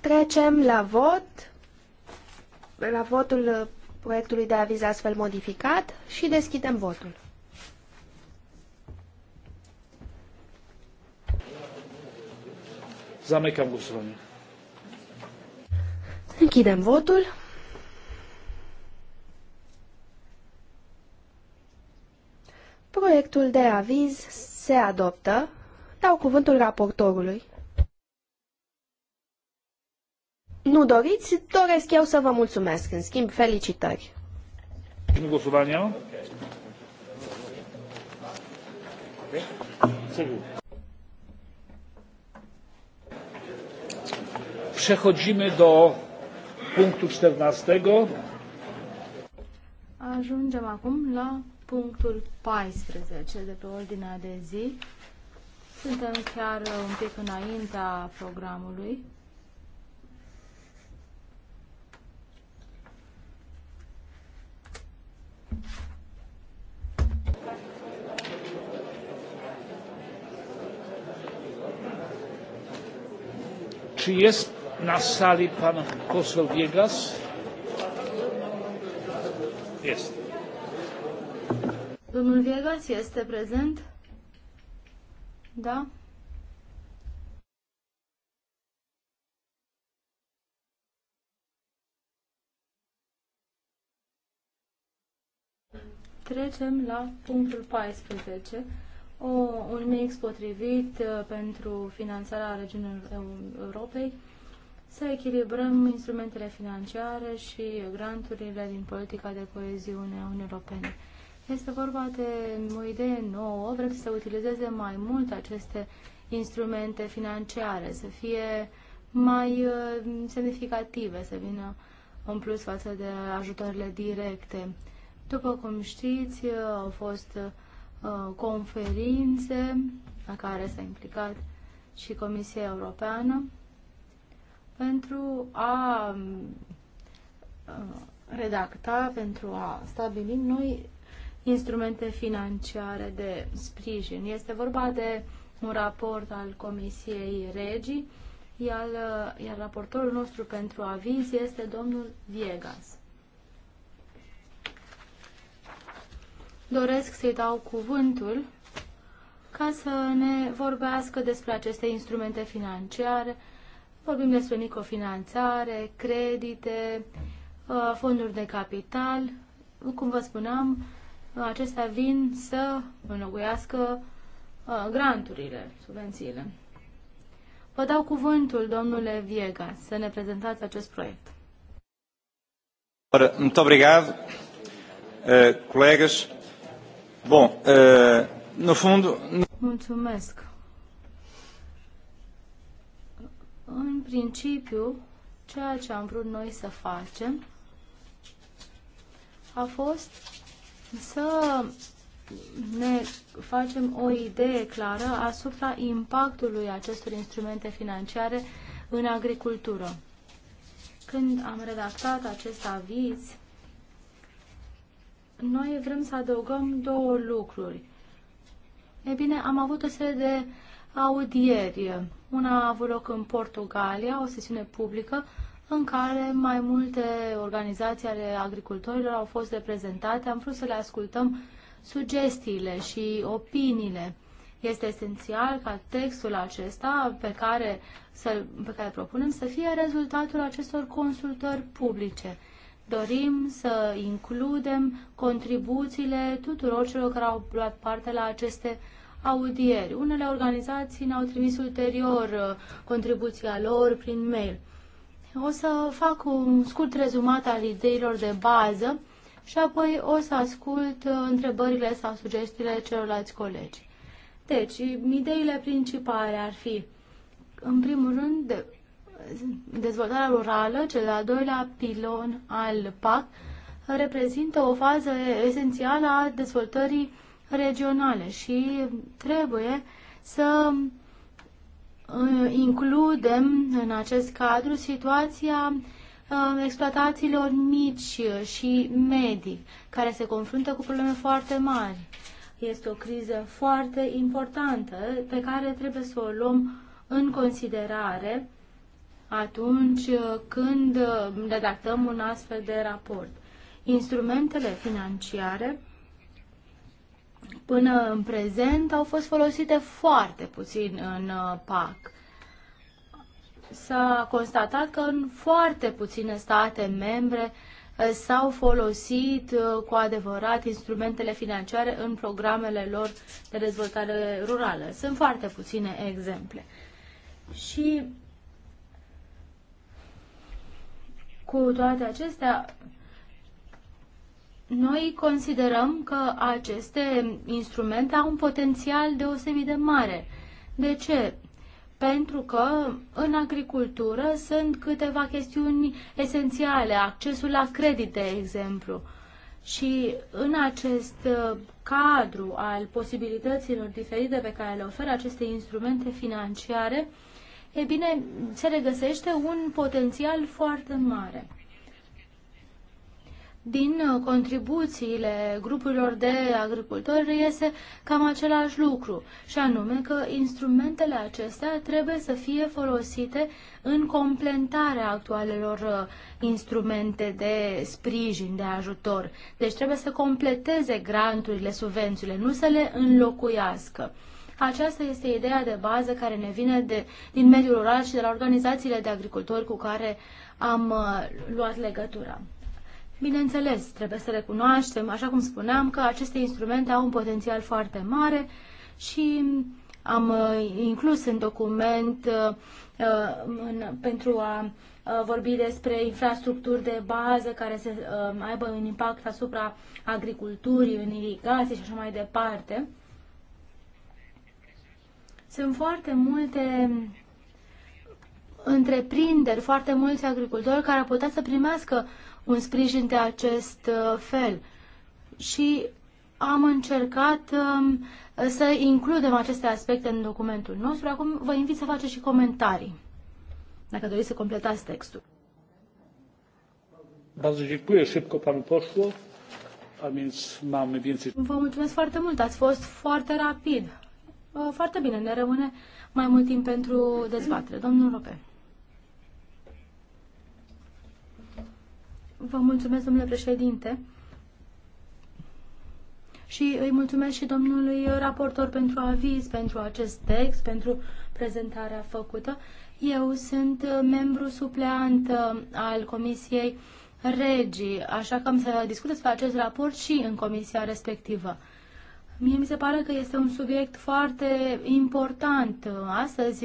Trecem la vot. La votul proiectului de aviz astfel modificat și deschidem votul. Zamecam głosowanie. Închidem votul. Proiectul de aviz se adoptă. Dau cuvântul raportorului. nu doriți, doresc eu să vă mulțumesc. În schimb, felicitări. Głosowania. Przechodzimy do punktu 14. Ajungem acum la punctul 14 de pe ordinea de zi. Suntem chiar un pic înaintea programului. Czy jest na sali pan poseł Biegas? Jest. Domnul Viegas este prezent? Da? Trecem la punctul 14 o, un mix potrivit uh, pentru finanțarea regiunilor Europei, să echilibrăm instrumentele financiare și granturile din politica de coeziune a Uniunii Europene. Este vorba de o idee nouă, vrem să se utilizeze mai mult aceste instrumente financiare, să fie mai uh, semnificative, să vină în plus față de ajutoarele directe. După cum știți, uh, au fost Uh, conferințe la care s-a implicat și Comisia Europeană pentru a um, uh, redacta, pentru a stabili noi instrumente financiare de sprijin. Este vorba de un raport al Comisiei Regii, iar, uh, iar raportorul nostru pentru aviz este domnul Viegas. doresc să-i dau cuvântul ca să ne vorbească despre aceste instrumente financiare. Vorbim despre microfinanțare, credite, uh, fonduri de capital. Cum vă spuneam, acestea vin să înlocuiască uh, granturile, subvențiile. Vă dau cuvântul, domnule Viega, să ne prezentați acest proiect. Muito obrigado, uh, colegas. Bun. Uh, fond... Mulțumesc. În principiu, ceea ce am vrut noi să facem a fost să ne facem o idee clară asupra impactului acestor instrumente financiare în agricultură. Când am redactat acest aviz, noi vrem să adăugăm două lucruri. E bine, am avut o serie de audieri. Una a avut loc în Portugalia, o sesiune publică, în care mai multe organizații ale agricultorilor au fost reprezentate. Am vrut să le ascultăm sugestiile și opiniile. Este esențial ca textul acesta pe care, să, pe care propunem să fie rezultatul acestor consultări publice dorim să includem contribuțiile tuturor celor care au luat parte la aceste audieri. Unele organizații ne-au trimis ulterior uh, contribuția lor prin mail. O să fac un scurt rezumat al ideilor de bază și apoi o să ascult uh, întrebările sau sugestiile celorlalți colegi. Deci, ideile principale ar fi, în primul rând, de dezvoltarea rurală, cel de-al doilea pilon al PAC, reprezintă o fază esențială a dezvoltării regionale și trebuie să uh, includem în acest cadru situația uh, exploatațiilor mici și medii, care se confruntă cu probleme foarte mari. Este o criză foarte importantă pe care trebuie să o luăm în considerare atunci uh, când uh, redactăm un astfel de raport. Instrumentele financiare până în prezent au fost folosite foarte puțin în uh, PAC. S-a constatat că în foarte puține state membre s-au folosit cu adevărat instrumentele financiare în programele lor de dezvoltare rurală. Sunt foarte puține exemple. Și Cu toate acestea, noi considerăm că aceste instrumente au un potențial deosebit de mare. De ce? Pentru că în agricultură sunt câteva chestiuni esențiale, accesul la credit, de exemplu. Și în acest uh, cadru al posibilităților diferite pe care le oferă aceste instrumente financiare, e bine, se regăsește un potențial foarte mare. Din uh, contribuțiile grupurilor de agricultori iese cam același lucru, și anume că instrumentele acestea trebuie să fie folosite în completarea actualelor uh, instrumente de sprijin, de ajutor. Deci trebuie să completeze granturile, subvențiile, nu să le înlocuiască. Aceasta este ideea de bază care ne vine de, din mediul rural și de la organizațiile de agricultori cu care am uh, luat legătura. Bineînțeles, trebuie să recunoaștem, așa cum spuneam, că aceste instrumente au un potențial foarte mare și am uh, inclus în document uh, uh în, pentru a uh, vorbi despre infrastructuri de bază care să uh, aibă un impact asupra agriculturii, în irigație și așa mai departe. Sunt foarte multe întreprinderi, foarte mulți agricultori care ar putea să primească un sprijin de acest uh, fel. Și am încercat um, să includem aceste aspecte în documentul nostru. Acum vă invit să faceți și comentarii, dacă doriți să completați textul. Vă mulțumesc foarte mult. Ați fost foarte rapid. Uh, foarte bine, ne rămâne mai mult timp pentru dezbatere. Domnul Rope. Vă mulțumesc, domnule președinte. Și îi mulțumesc și domnului raportor pentru aviz, pentru acest text, pentru prezentarea făcută. Eu sunt membru supleant uh, al Comisiei Regii, așa că am să discut despre acest raport și în comisia respectivă. Mie mi se pare că este un subiect foarte important. Astăzi,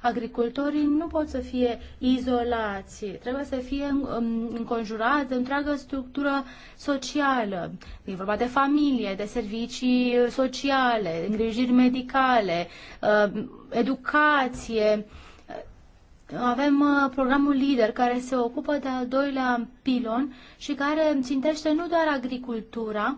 agricultorii nu pot să fie izolați, trebuie să fie um, înconjurați de întreagă structură socială. E vorba de familie, de servicii uh, sociale, îngrijiri medicale, uh, educație. Uh, avem programul LIDER care se ocupă de al doilea pilon și care țintește nu doar agricultura,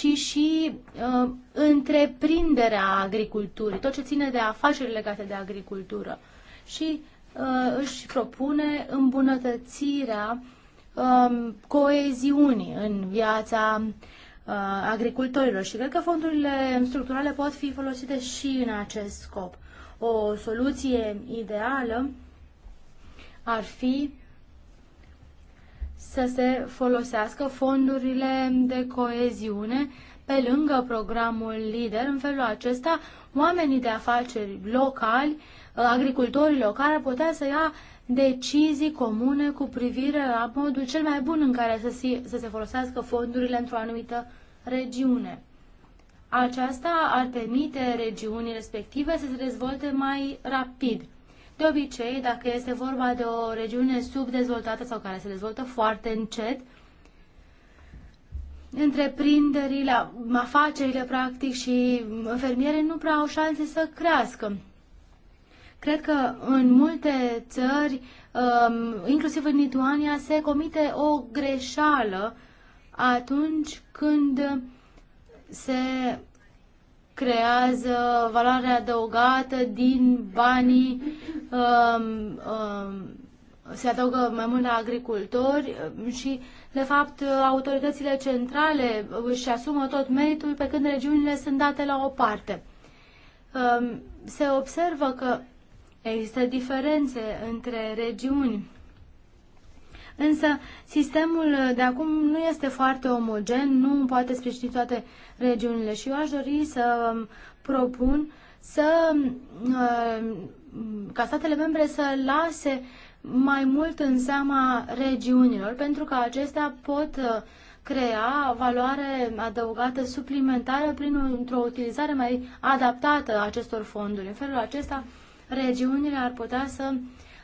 ci și uh, întreprinderea agriculturii, tot ce ține de afaceri legate de agricultură. Și uh, își propune îmbunătățirea uh, coeziunii în viața uh, agricultorilor și cred că fondurile structurale pot fi folosite și în acest scop. O soluție ideală ar fi să se folosească fondurile de coeziune pe lângă programul LIDER. În felul acesta, oamenii de afaceri locali, agricultorii locali, ar putea să ia decizii comune cu privire la modul cel mai bun în care să se, folosească fondurile într-o anumită regiune. Aceasta ar permite regiunii respective să se dezvolte mai rapid. De obicei, dacă este vorba de o regiune subdezvoltată sau care se dezvoltă foarte încet, întreprinderile, afacerile practic și fermiere nu prea au șanse să crească. Cred că în multe țări, um, inclusiv în Lituania, se comite o greșeală atunci când se creează valoarea adăugată din banii Um, um, se adaugă mai mult la agricultori um, și, de fapt, autoritățile centrale își asumă tot meritul, pe când regiunile sunt date la o parte. Se observă că există diferențe între regiuni, însă sistemul de acum nu este foarte omogen, nu poate sprijini toate regiunile și eu aș dori să propun să uh, ca statele membre să lase mai mult în seama regiunilor, pentru că acestea pot uh, crea valoare adăugată suplimentară prin o utilizare mai adaptată a acestor fonduri. În felul acesta, regiunile ar putea să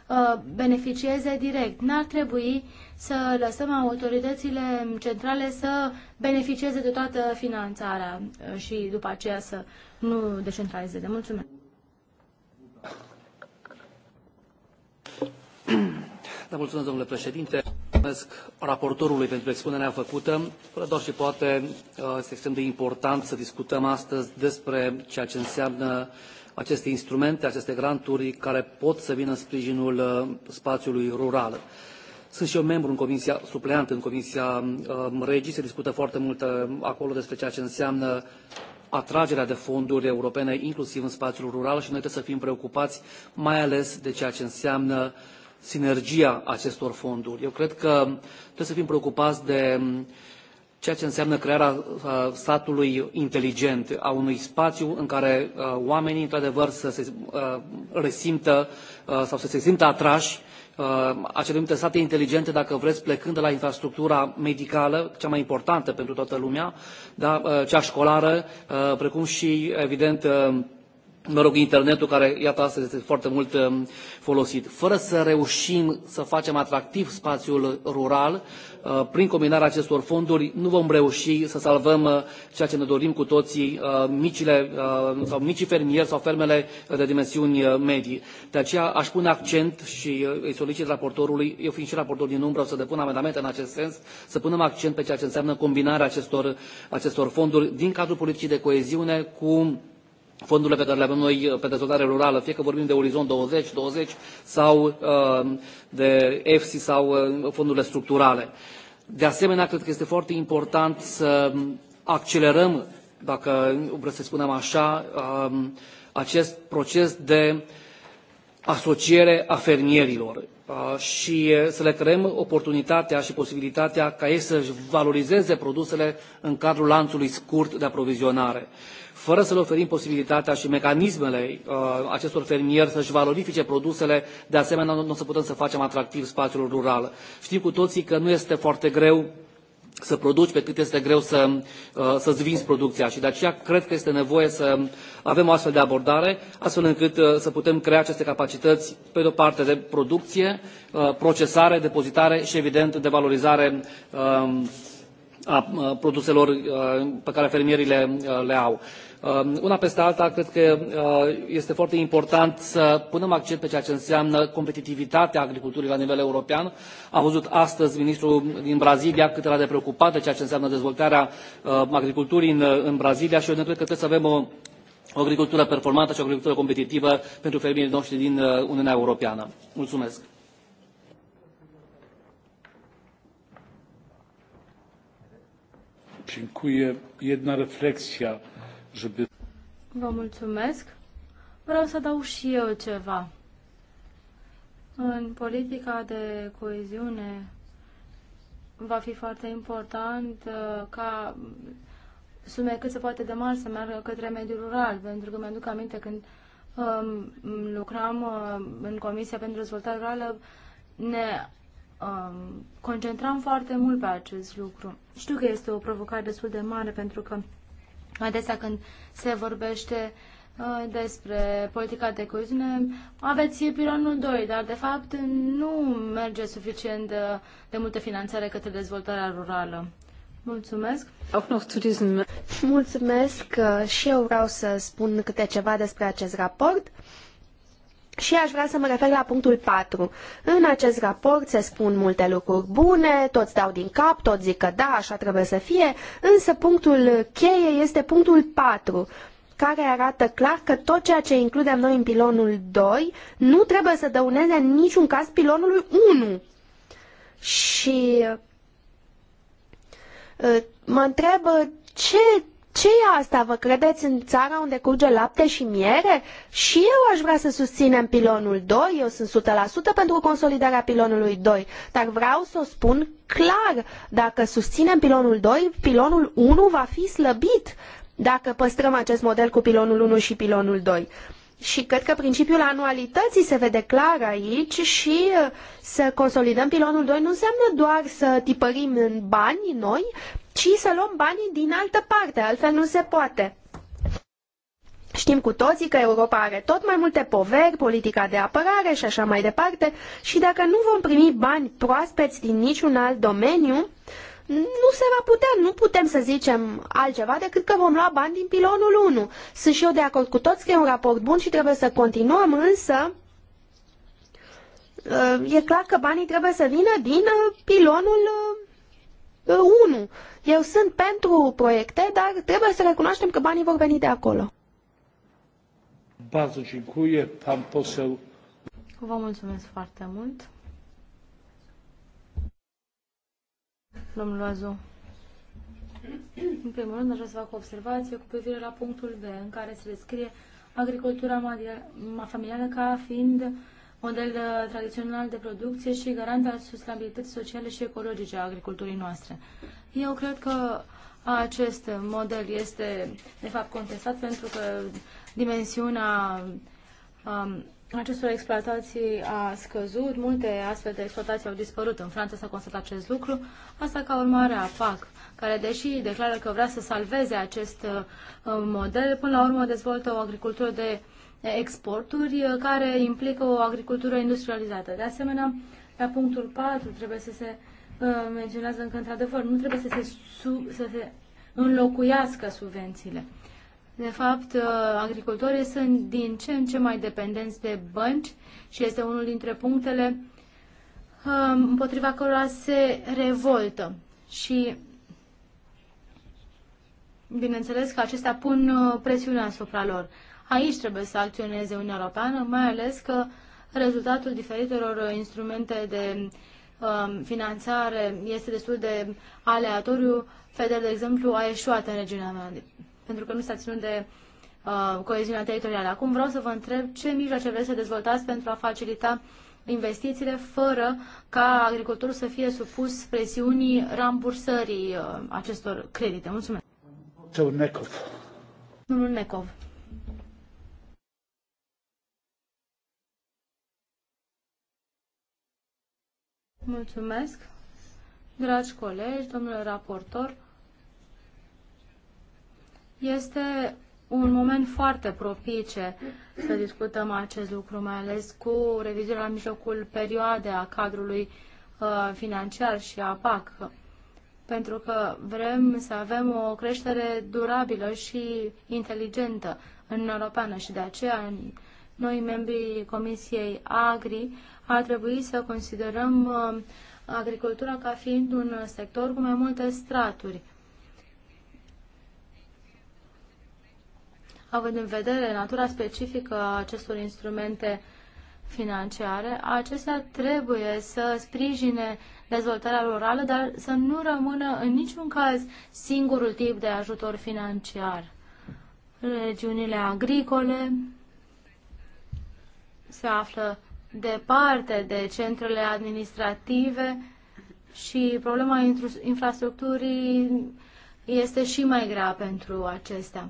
uh, beneficieze direct. N-ar trebui uh, să lăsăm autoritățile centrale să beneficieze de toată finanțarea uh, și după aceea să nu decentralizeze. Mulțumesc! Da, mulțumesc, domnule președinte. Mulțumesc raportorului pentru expunerea făcută. Fără doar și poate uh, este extrem de important să discutăm astăzi despre ceea ce înseamnă aceste instrumente, aceste granturi care pot să vină în sprijinul uh, spațiului rural. Sunt și eu membru în comisia supleant în comisia um, regii, se discută foarte mult uh, acolo despre ceea ce înseamnă atragerea de fonduri europene, inclusiv în spațiul rural și noi trebuie să fim preocupați mai ales de ceea ce înseamnă sinergia acestor fonduri. Eu cred că trebuie să fim preocupați de um, ceea ce înseamnă crearea uh, statului inteligent, a unui spațiu în care uh, oamenii, într-adevăr, să se resimtă sau să se simtă atrași Uh, acele numite sate inteligente, dacă vreți, plecând de la infrastructura medicală, cea mai importantă pentru toată lumea, da? Uh, cea școlară, uh, precum și, evident, mă rog, internetul, care, iată, astăzi este foarte mult um, folosit. Fără să reușim să facem atractiv spațiul rural, uh, prin combinarea acestor fonduri, nu vom reuși să salvăm uh, ceea ce ne dorim cu toții, uh, micile sau micii fermieri sau fermele de dimensiuni medii. De aceea aș pune accent și îi solicit raportorului, eu fiind și raportor din umbră, o să depun amendamente în acest sens, să punem accent pe ceea ce înseamnă combinarea acestor, acestor fonduri din cadrul politicii de coeziune cu fondurile pe care le avem noi uh, pe dezvoltare rurală, fie că vorbim de Orizont 2020 sau uh, de EFSI sau uh, fondurile structurale. De asemenea, cred că este foarte important să accelerăm, dacă vreau să spunem așa, um, acest proces de asociere a fermierilor și să le creăm oportunitatea și posibilitatea ca ei să-și valorizeze produsele în cadrul lanțului scurt de aprovizionare fără să le oferim posibilitatea și mecanismele uh, acestor fermieri să-și valorifice produsele, de asemenea nu o să putem să facem atractiv spațiul rural. Știm cu toții că nu este foarte greu să produci, pe cât este greu să, uh, să-ți vinzi producția. Și de aceea cred că este nevoie să avem o astfel de abordare, astfel încât uh, să putem crea aceste capacități, pe de-o parte, de producție, uh, procesare, depozitare și, evident, de valorizare a produselor pe care fermierii le, le au. Um, una peste alta, cred că uh, este foarte important să punem accent pe ceea ce înseamnă competitivitatea agriculturii la nivel european. Am văzut astăzi ministrul din Brazilia cât era de preocupat de ceea ce înseamnă dezvoltarea uh, agriculturii în, uh, în Brazilia și eu cred că trebuie să avem o o agricultură performantă și o agricultură competitivă pentru fermierii noștri din Uniunea Europeană. Mulțumesc! Dziękuję. Jedna refleksja. Vă mulțumesc. Vreau să dau și eu ceva. În politica de coeziune va fi foarte important uh, ca sume cât se poate de mari să meargă către mediul rural, pentru că mi-aduc aminte când um, lucram um, în Comisia pentru Dezvoltare Rurală, ne um, concentram foarte mult pe acest lucru. Știu că este o provocare destul de mare pentru că Adesea când se vorbește uh, despre politica de coeziune, aveți pilonul 2, dar de fapt nu merge suficient de, uh, de multă finanțare către dezvoltarea rurală. Mulțumesc. Mulțumesc uh, și eu vreau să spun câte ceva despre acest raport. Și aș vrea să mă refer la punctul 4. În acest raport se spun multe lucruri bune, toți dau din cap, toți zic că da, așa trebuie să fie, însă punctul cheie este punctul 4 care arată clar că tot ceea ce includem noi în pilonul 2 nu trebuie să dăuneze în niciun caz pilonului 1. Și uh, mă întreb uh, ce ce e asta? Vă credeți în țara unde curge lapte și miere? Și eu aș vrea să susținem pilonul 2, eu sunt 100% pentru consolidarea pilonului 2, dar vreau să o spun clar, dacă susținem pilonul 2, pilonul 1 va fi slăbit dacă păstrăm acest model cu pilonul 1 și pilonul 2. Și cred că principiul anualității se vede clar aici și uh, să consolidăm pilonul 2 nu înseamnă doar să tipărim în bani noi, ci să luăm banii din altă parte, altfel nu se poate. Știm cu toții că Europa are tot mai multe poveri, politica de apărare și așa mai departe și dacă nu vom primi bani proaspeți din niciun alt domeniu, nu se va putea, nu putem să zicem altceva decât că vom lua bani din pilonul 1. Sunt și eu de acord cu toți că e un raport bun și trebuie să continuăm, însă ă, e clar că banii trebuie să vină din ă, pilonul 1 ă, eu sunt pentru proiecte, dar trebuie să recunoaștem că banii vor veni de acolo. Vă mulțumesc foarte mult. Domnul Azu. În primul rând, aș vrea să fac o observație cu privire la punctul B, în care se descrie agricultura familială ca fiind model uh, tradițional de producție și garant al sustenabilității sociale și ecologice a agriculturii noastre. Eu cred că acest model este, de fapt, contestat pentru că dimensiunea um, acestor exploatații a scăzut, multe astfel de exploatații au dispărut. În Franța s-a constatat acest lucru, asta ca urmare a PAC, care deși declară că vrea să salveze acest uh, model, până la urmă dezvoltă o agricultură de exporturi uh, care implică o agricultură industrializată. De asemenea, la punctul 4 trebuie să se Uh, menționează că, într-adevăr, nu trebuie să se, sub, să se înlocuiască subvențiile. De fapt, uh, agricultorii sunt din ce în ce mai dependenți de bănci și este unul dintre punctele um, împotriva cărora se revoltă. Și bineînțeles că acestea pun uh, presiune asupra lor. Aici trebuie să acționeze Uniunea Europeană, mai ales că rezultatul diferitelor instrumente de uh, Um, finanțare este destul de aleatoriu, FEDER, de exemplu, a eșuat în regiunea mea, pentru că nu s-a ținut de uh, coeziunea teritorială. Acum vreau să vă întreb ce mijloace vreți să dezvoltați pentru a facilita investițiile fără ca agricultorul să fie supus presiunii rambursării uh, acestor credite. Mulțumesc. Domnul Necov. Domnul Necov. Mulțumesc, dragi colegi, domnule raportor. Este un moment foarte propice să discutăm acest lucru, mai ales cu revizuirea la mijlocul perioadei a cadrului uh, financiar și a PAC, pentru că vrem să avem o creștere durabilă și inteligentă în Europeană și de aceea noi, membrii Comisiei Agri, ar trebui să considerăm uh, agricultura ca fiind un sector cu mai multe straturi. Având în vedere natura specifică a acestor instrumente financiare, acestea trebuie să sprijine dezvoltarea rurală, dar să nu rămână în niciun caz singurul tip de ajutor financiar. Regiunile agricole se află departe de centrele administrative și problema infrastructurii este și mai grea pentru acestea.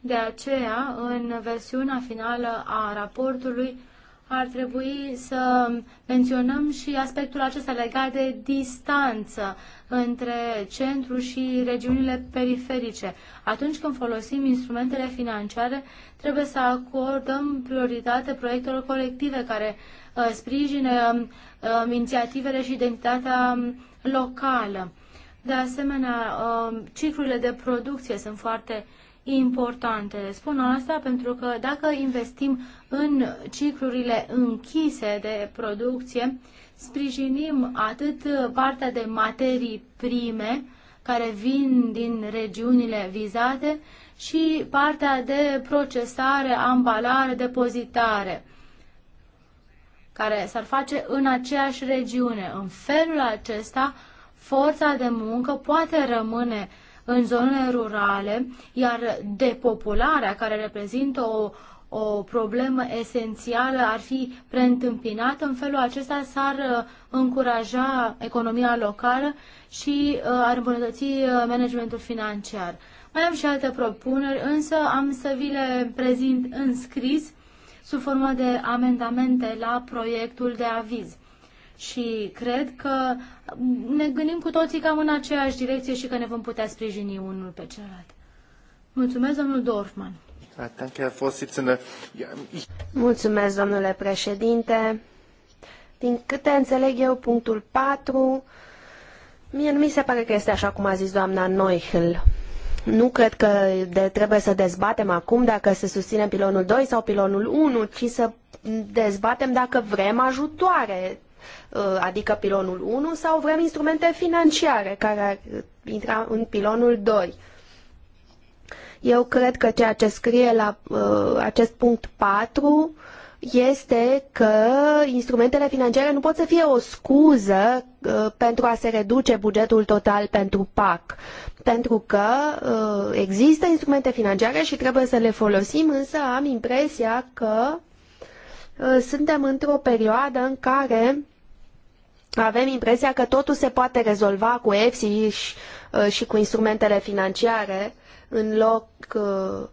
De aceea, în versiunea finală a raportului, ar trebui să menționăm și aspectul acesta legat de distanță între centru și regiunile periferice. Atunci când folosim instrumentele financiare, trebuie să acordăm prioritate proiectelor colective care uh, sprijină um, uh, inițiativele și identitatea um, locală. De asemenea, um, ciclurile de producție sunt foarte importante. Spun asta pentru că dacă investim în ciclurile închise de producție, sprijinim atât partea de materii prime care vin din regiunile vizate și partea de procesare, ambalare, depozitare care s-ar face în aceeași regiune. În felul acesta, forța de muncă poate rămâne în zonele rurale, iar depopularea, care reprezintă o, o problemă esențială, ar fi preîntâmpinată. În felul acesta s-ar uh, încuraja economia locală și uh, ar îmbunătăți uh, managementul financiar. Mai am și alte propuneri, însă am să vi le prezint în scris sub formă de amendamente la proiectul de aviz și cred că ne gândim cu toții cam în aceeași direcție și că ne vom putea sprijini unul pe celălalt. Mulțumesc, domnul Dorfman. Da, Mulțumesc, domnule președinte. Din câte înțeleg eu, punctul 4, mie nu mi se pare că este așa cum a zis doamna Noichel. Nu cred că de, trebuie să dezbatem acum dacă se susține pilonul 2 sau pilonul 1, ci să dezbatem dacă vrem ajutoare Uh, adică pilonul 1, sau vrem instrumente financiare care ar uh, intra în pilonul 2. Eu cred că ceea ce scrie la uh, acest punct 4 este că instrumentele financiare nu pot să fie o scuză uh, pentru a se reduce bugetul total pentru PAC, pentru că uh, există instrumente financiare și trebuie să le folosim, însă am impresia că uh, suntem într-o perioadă în care avem impresia că totul se poate rezolva cu EFSI și, uh, și cu instrumentele financiare în loc uh,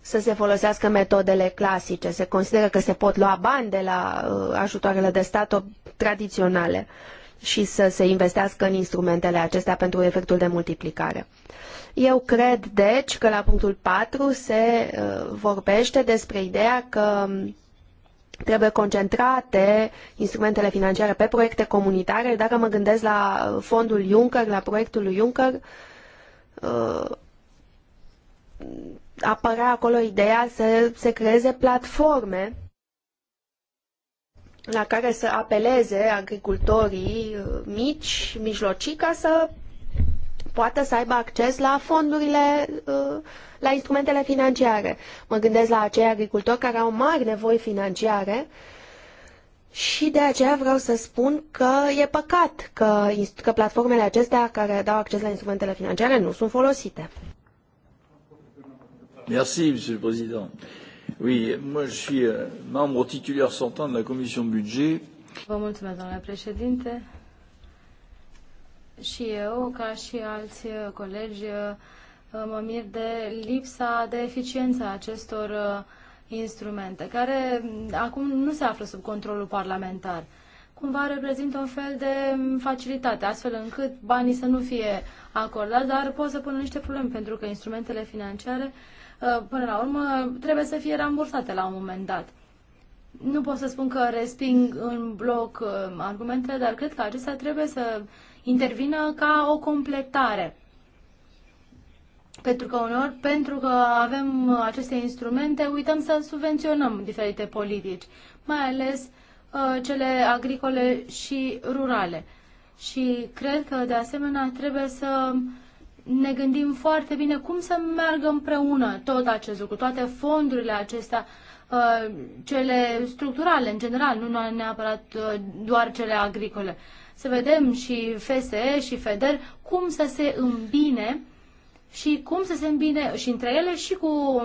să se folosească metodele clasice. Se consideră că se pot lua bani de la uh, ajutoarele de stat tradiționale și să se investească în instrumentele acestea pentru efectul de multiplicare. Eu cred, deci, că la punctul patru se vorbește despre ideea că um, Trebuie concentrate instrumentele financiare pe proiecte comunitare. Dacă mă gândesc la fondul Juncker, la proiectul lui Juncker, uh, apărea acolo ideea să se creeze platforme la care să apeleze agricultorii mici, mijlocii, ca să poată să aibă acces la fondurile, uh, la instrumentele financiare. Mă gândesc la acei agricultori care au mari nevoi financiare și de aceea vreau să spun că e păcat că, că platformele acestea care dau acces la instrumentele financiare nu sunt folosite. Merci, Monsieur le Président. Oui, moi je suis euh, membre titulaire sortant de la Commission Budget. Vă mulțumesc, domnule președinte și eu, ca și alți uh, colegi, uh, mă mir de lipsa de eficiență a acestor uh, instrumente, care mm, acum nu se află sub controlul parlamentar. Cumva reprezintă un fel de mm, facilitate, astfel încât banii să nu fie acordați, dar pot să pună niște probleme, pentru că instrumentele financiare, până la urmă, trebuie să fie rambursate la un moment dat. Nu pot să spun că resping în bloc argumentele, dar cred că acestea trebuie să intervină ca o completare. Pentru că uneori, pentru că avem aceste instrumente, uităm să subvenționăm diferite politici, mai ales uh, cele agricole și rurale. Și cred că, de asemenea, trebuie să ne gândim foarte bine cum să meargă împreună tot acest lucru, toate fondurile acestea, uh, cele structurale în general, nu neapărat uh, doar cele agricole. Uh, să vedem și FSE și FEDER cum să se îmbine și cum să se îmbine și între ele și cu,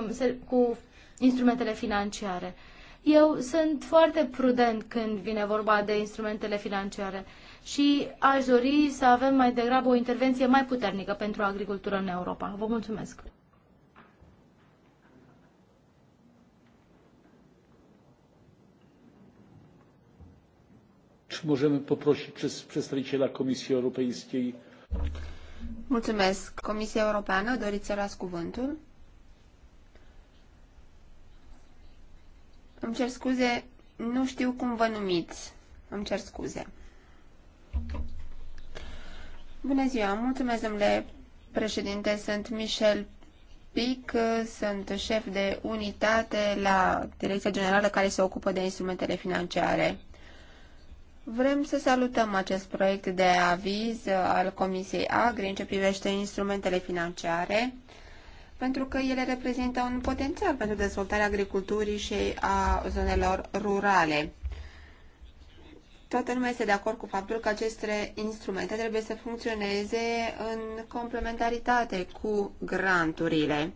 cu instrumentele financiare. Eu sunt foarte prudent când vine vorba de instrumentele financiare și aș dori să avem mai degrabă o intervenție mai puternică pentru agricultură în Europa. Vă mulțumesc! Czy możemy poprosić przez przedstawiciela Komisji Europejskiej? Mulțumesc. Comisia Europeană, doriți să las cuvântul? Îmi cer scuze, nu știu cum vă numiți. Îmi cer scuze. Bună ziua, mulțumesc, domnule președinte. Sunt Michel Pic, sunt șef de unitate la Direcția Generală care se ocupă de instrumentele financiare. Vrem să salutăm acest proiect de aviz uh, al Comisiei Agri în ce privește instrumentele financiare, pentru că ele reprezintă un potențial pentru dezvoltarea agriculturii și a zonelor rurale. Toată lumea este de acord cu faptul că aceste instrumente trebuie să funcționeze în complementaritate cu granturile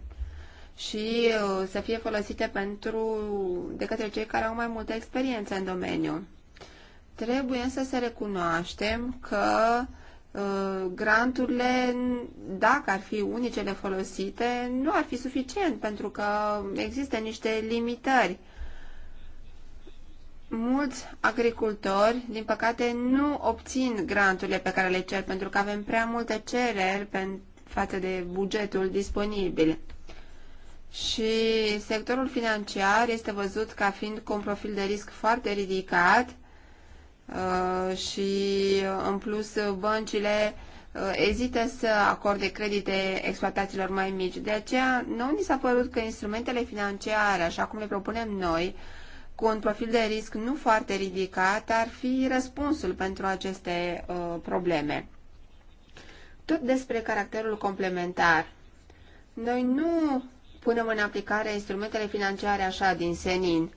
și uh, să fie folosite pentru, de către cei care au mai multă experiență în domeniu. Trebuie însă să recunoaștem că uh, granturile, dacă ar fi unicele folosite, nu ar fi suficient, pentru că există niște limitări. Mulți agricultori, din păcate, nu obțin granturile pe care le cer, pentru că avem prea multe cereri față de bugetul disponibil. Și sectorul financiar este văzut ca fiind cu un profil de risc foarte ridicat Uh, și uh, în plus băncile uh, ezită să acorde credite exploatațiilor mai mici. De aceea, nu ni s-a părut că instrumentele financiare, așa cum le propunem noi, cu un profil de risc nu foarte ridicat, ar fi răspunsul pentru aceste uh, probleme. Tot despre caracterul complementar. Noi nu punem în aplicare instrumentele financiare așa din senin. Uh,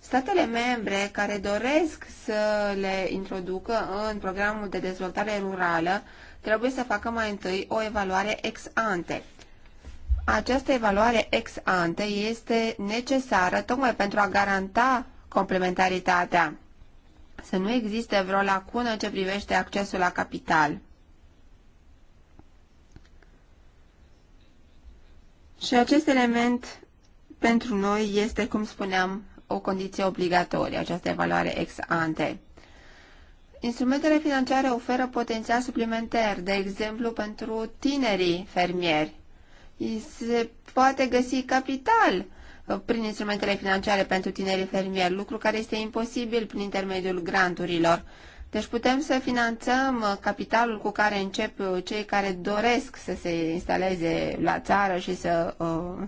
Statele membre care doresc să le introducă în programul de dezvoltare rurală trebuie să facă mai întâi o evaluare ex ante. Această evaluare ex ante este necesară tocmai pentru a garanta complementaritatea, să nu existe vreo lacună ce privește accesul la capital. Și acest element pentru noi este, cum spuneam, o condiție obligatorie, această evaluare ex ante. Instrumentele financiare oferă potențial suplimentar, de exemplu pentru tinerii fermieri. Se poate găsi capital uh, prin instrumentele financiare pentru tinerii fermieri, lucru care este imposibil prin intermediul granturilor. Deci putem să finanțăm uh, capitalul cu care încep uh, cei care doresc să se instaleze la țară și să uh,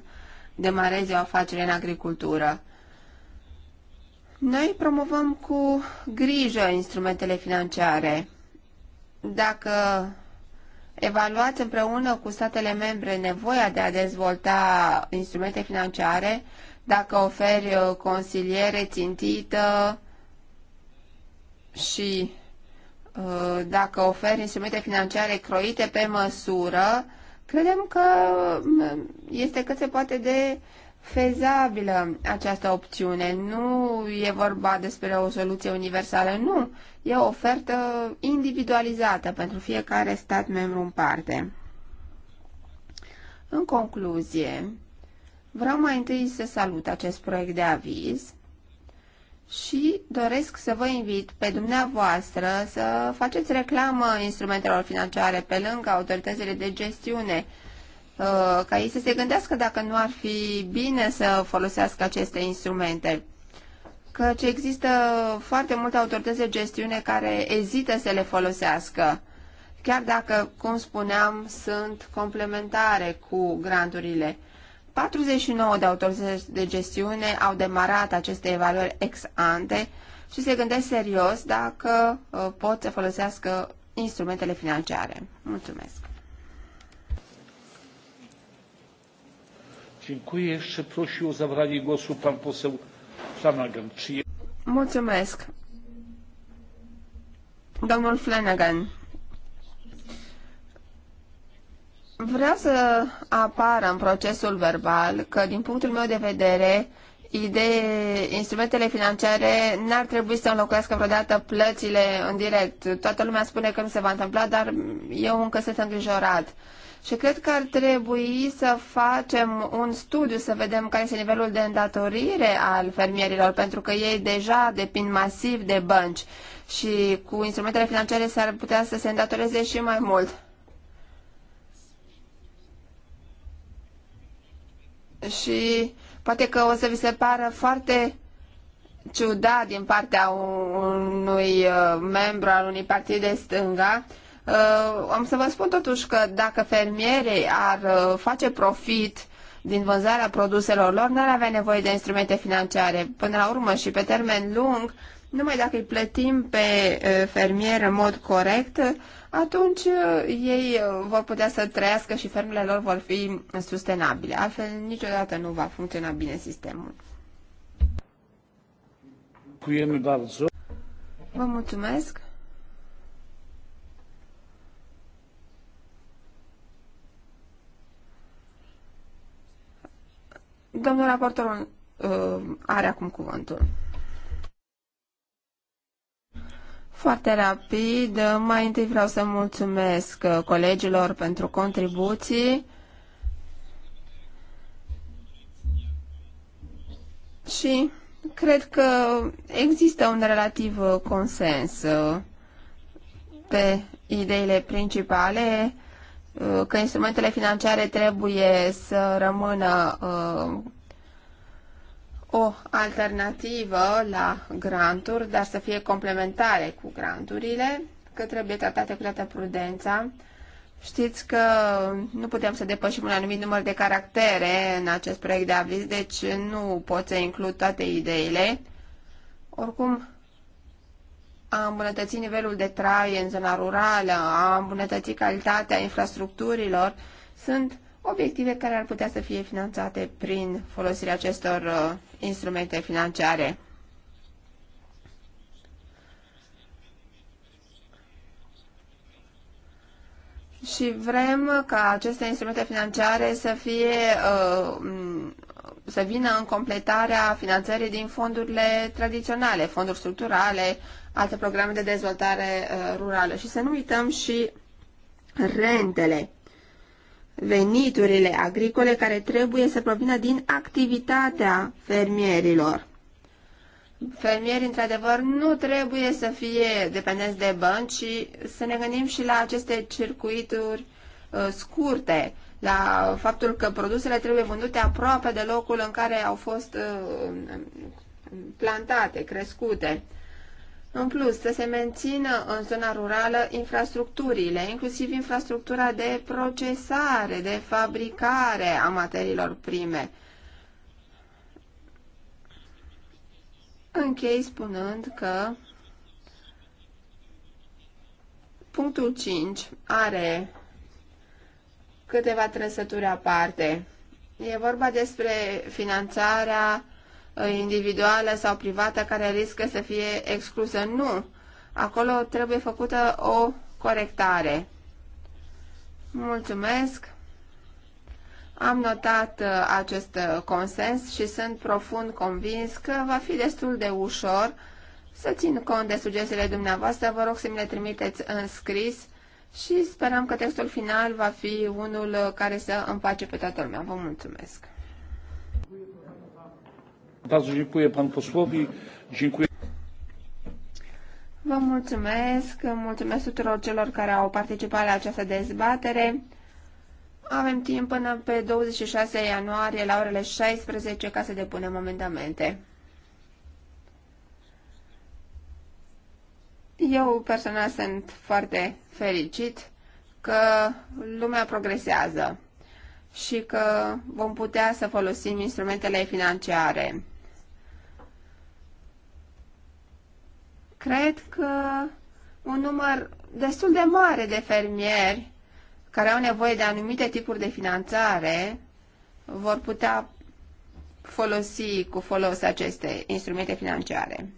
demareze o afacere în agricultură. Noi promovăm cu grijă instrumentele financiare. Dacă evaluați împreună cu statele membre nevoia de a dezvolta instrumente financiare, dacă oferi uh, consiliere țintită și uh, dacă oferi instrumente financiare croite pe măsură, credem că uh, este cât se poate de fezabilă această opțiune. Nu e vorba despre o soluție universală, nu. E o ofertă individualizată pentru fiecare stat membru în parte. În concluzie, vreau mai întâi să salut acest proiect de aviz și doresc să vă invit pe dumneavoastră să faceți reclamă instrumentelor financiare pe lângă autoritățile de gestiune Uh, ca ei să se gândească dacă nu ar fi bine să folosească aceste instrumente. Căci există foarte multe autorități de gestiune care ezită să le folosească, chiar dacă, cum spuneam, sunt complementare cu granturile. 49 de autorități de gestiune au demarat aceste evaluări ex ante și se gândesc serios dacă uh, pot să folosească instrumentele financiare. Mulțumesc! Dziękuję. Jeszcze prosił o zabranie głosu pan poseł Flanagan. Czy... Mulțumesc. Domnul Flanagan. Vreau să apară în procesul verbal că, din punctul meu de vedere, idee, instrumentele financiare n-ar trebui să înlocuiască vreodată plățile în direct. Toată lumea spune că nu se va întâmpla, dar eu încă sunt îngrijorat. Și cred că ar trebui să facem un studiu să vedem care este nivelul de îndatorire al fermierilor, pentru că ei deja depind masiv de bănci și cu instrumentele financiare s-ar putea să se îndatoreze și mai mult. Și poate că o să vi se pară foarte ciudat din partea unui uh, membru al unui partid de stânga, Uh, am să vă spun totuși că dacă fermierii ar uh, face profit din vânzarea produselor lor, n-ar avea nevoie de instrumente financiare. Până la urmă și pe termen lung, numai dacă îi plătim pe uh, fermier în mod corect, atunci ei vor putea să trăiască și fermele lor vor fi sustenabile. Altfel, niciodată nu va funcționa bine sistemul. Vă mulțumesc. Domnul raportor uh, are acum cuvântul. Foarte rapid, mai întâi vreau să mulțumesc uh, colegilor pentru contribuții și cred că există un relativ uh, consens pe ideile principale Uh, că instrumentele financiare trebuie să rămână uh, o alternativă la granturi, dar să fie complementare cu granturile, că trebuie tratate cu toată prudența. Știți că nu putem să depășim un anumit număr de caractere în acest proiect de aviz, deci nu pot să includ toate ideile. Oricum, a îmbunătăți nivelul de trai în zona rurală, a îmbunătăți calitatea infrastructurilor, sunt obiective care ar putea să fie finanțate prin folosirea acestor uh, instrumente financiare. Și vrem ca aceste instrumente financiare să fie uh, să vină în completarea finanțării din fondurile tradiționale, fonduri structurale, alte programe de dezvoltare uh, rurală. Și să nu uităm și rentele, veniturile agricole care trebuie să provină din activitatea fermierilor. Fermierii, într-adevăr, nu trebuie să fie dependenți de bănci, ci să ne gândim și la aceste circuituri uh, scurte, la faptul că produsele trebuie vândute aproape de locul în care au fost uh, um, plantate, crescute. În plus, să se mențină în zona rurală infrastructurile, inclusiv infrastructura de procesare, de fabricare a materiilor prime. Închei spunând că punctul 5 are câteva trăsături aparte. E vorba despre finanțarea uh, individuală sau privată care riscă să fie exclusă. Nu! Acolo trebuie făcută o corectare. Mulțumesc! Am notat uh, acest uh, consens și sunt profund convins că va fi destul de ușor să țin cont de sugestiile dumneavoastră. Vă rog să mi le trimiteți în scris și sperăm că textul final va fi unul care să împace pe toată lumea. Vă mulțumesc! Vă mulțumesc, mulțumesc tuturor celor care au participat la această dezbatere. Avem timp până pe 26 ianuarie la orele 16 ca să depunem amendamente. Eu personal sunt foarte fericit că lumea progresează și că vom putea să folosim instrumentele financiare. Cred că un număr destul de mare de fermieri care au nevoie de anumite tipuri de finanțare vor putea folosi cu folos aceste instrumente financiare.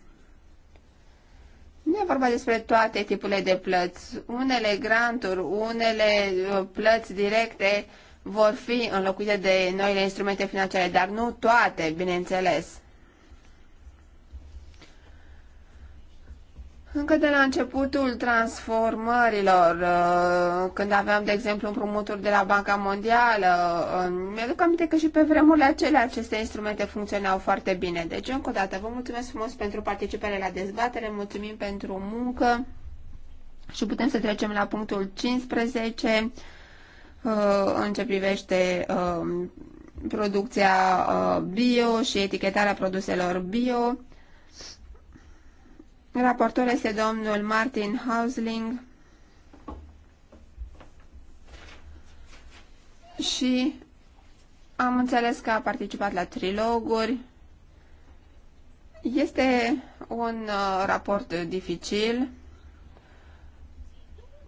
Nu e vorba despre toate tipurile de plăți. Unele granturi, unele uh, plăți directe vor fi înlocuite de noile instrumente financiare, dar nu toate, bineînțeles. Încă de la începutul transformărilor, uh, când aveam, de exemplu, împrumuturi de la Banca Mondială, uh, mi-aduc aminte că și pe vremurile acelea aceste instrumente funcționau foarte bine. Deci, încă o dată, vă mulțumesc frumos pentru participare la dezbatere, mulțumim pentru muncă și putem să trecem la punctul 15 uh, în ce privește producția bio și etichetarea produselor bio. Raportor este domnul Martin Hausling și am înțeles că a participat la triloguri. Este un uh, raport dificil.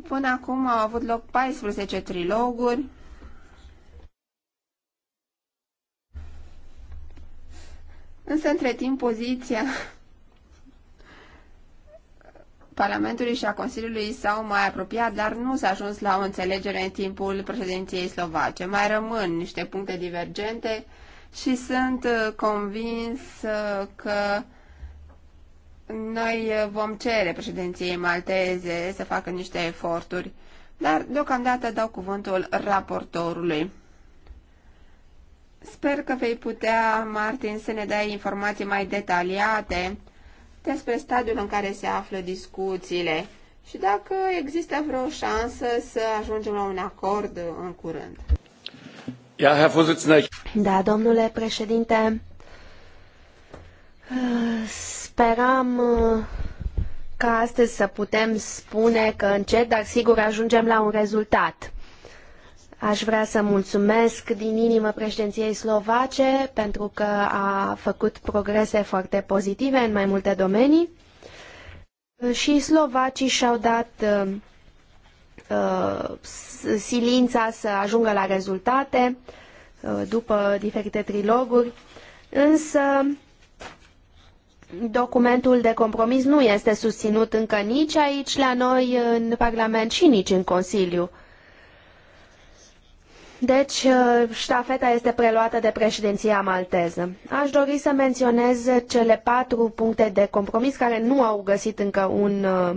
Până acum au avut loc 14 triloguri. Însă, între timp, poziția Parlamentului și a Consiliului s-au mai apropiat, dar nu s-a ajuns la o înțelegere în timpul președinției slovace. Mai rămân niște puncte divergente și sunt uh, convins uh, că noi uh, vom cere președinției malteze să facă niște eforturi, dar deocamdată dau cuvântul raportorului. Sper că vei putea, Martin, să ne dai informații mai detaliate despre stadiul în care se află discuțiile și dacă există vreo șansă să ajungem la un acord în curând. Da, domnule președinte, uh, speram uh, ca astăzi să putem spune că încet, dar sigur ajungem la un rezultat. Aș vrea să mulțumesc din inimă președinției slovace pentru că a făcut progrese foarte pozitive în mai multe domenii și slovacii și-au dat uh, uh, silința să ajungă la rezultate uh, după diferite triloguri, însă documentul de compromis nu este susținut încă nici aici la noi în Parlament și nici în Consiliu. Deci, uh, ștafeta este preluată de președinția malteză. Aș dori să menționez cele patru puncte de compromis care nu au găsit încă un uh,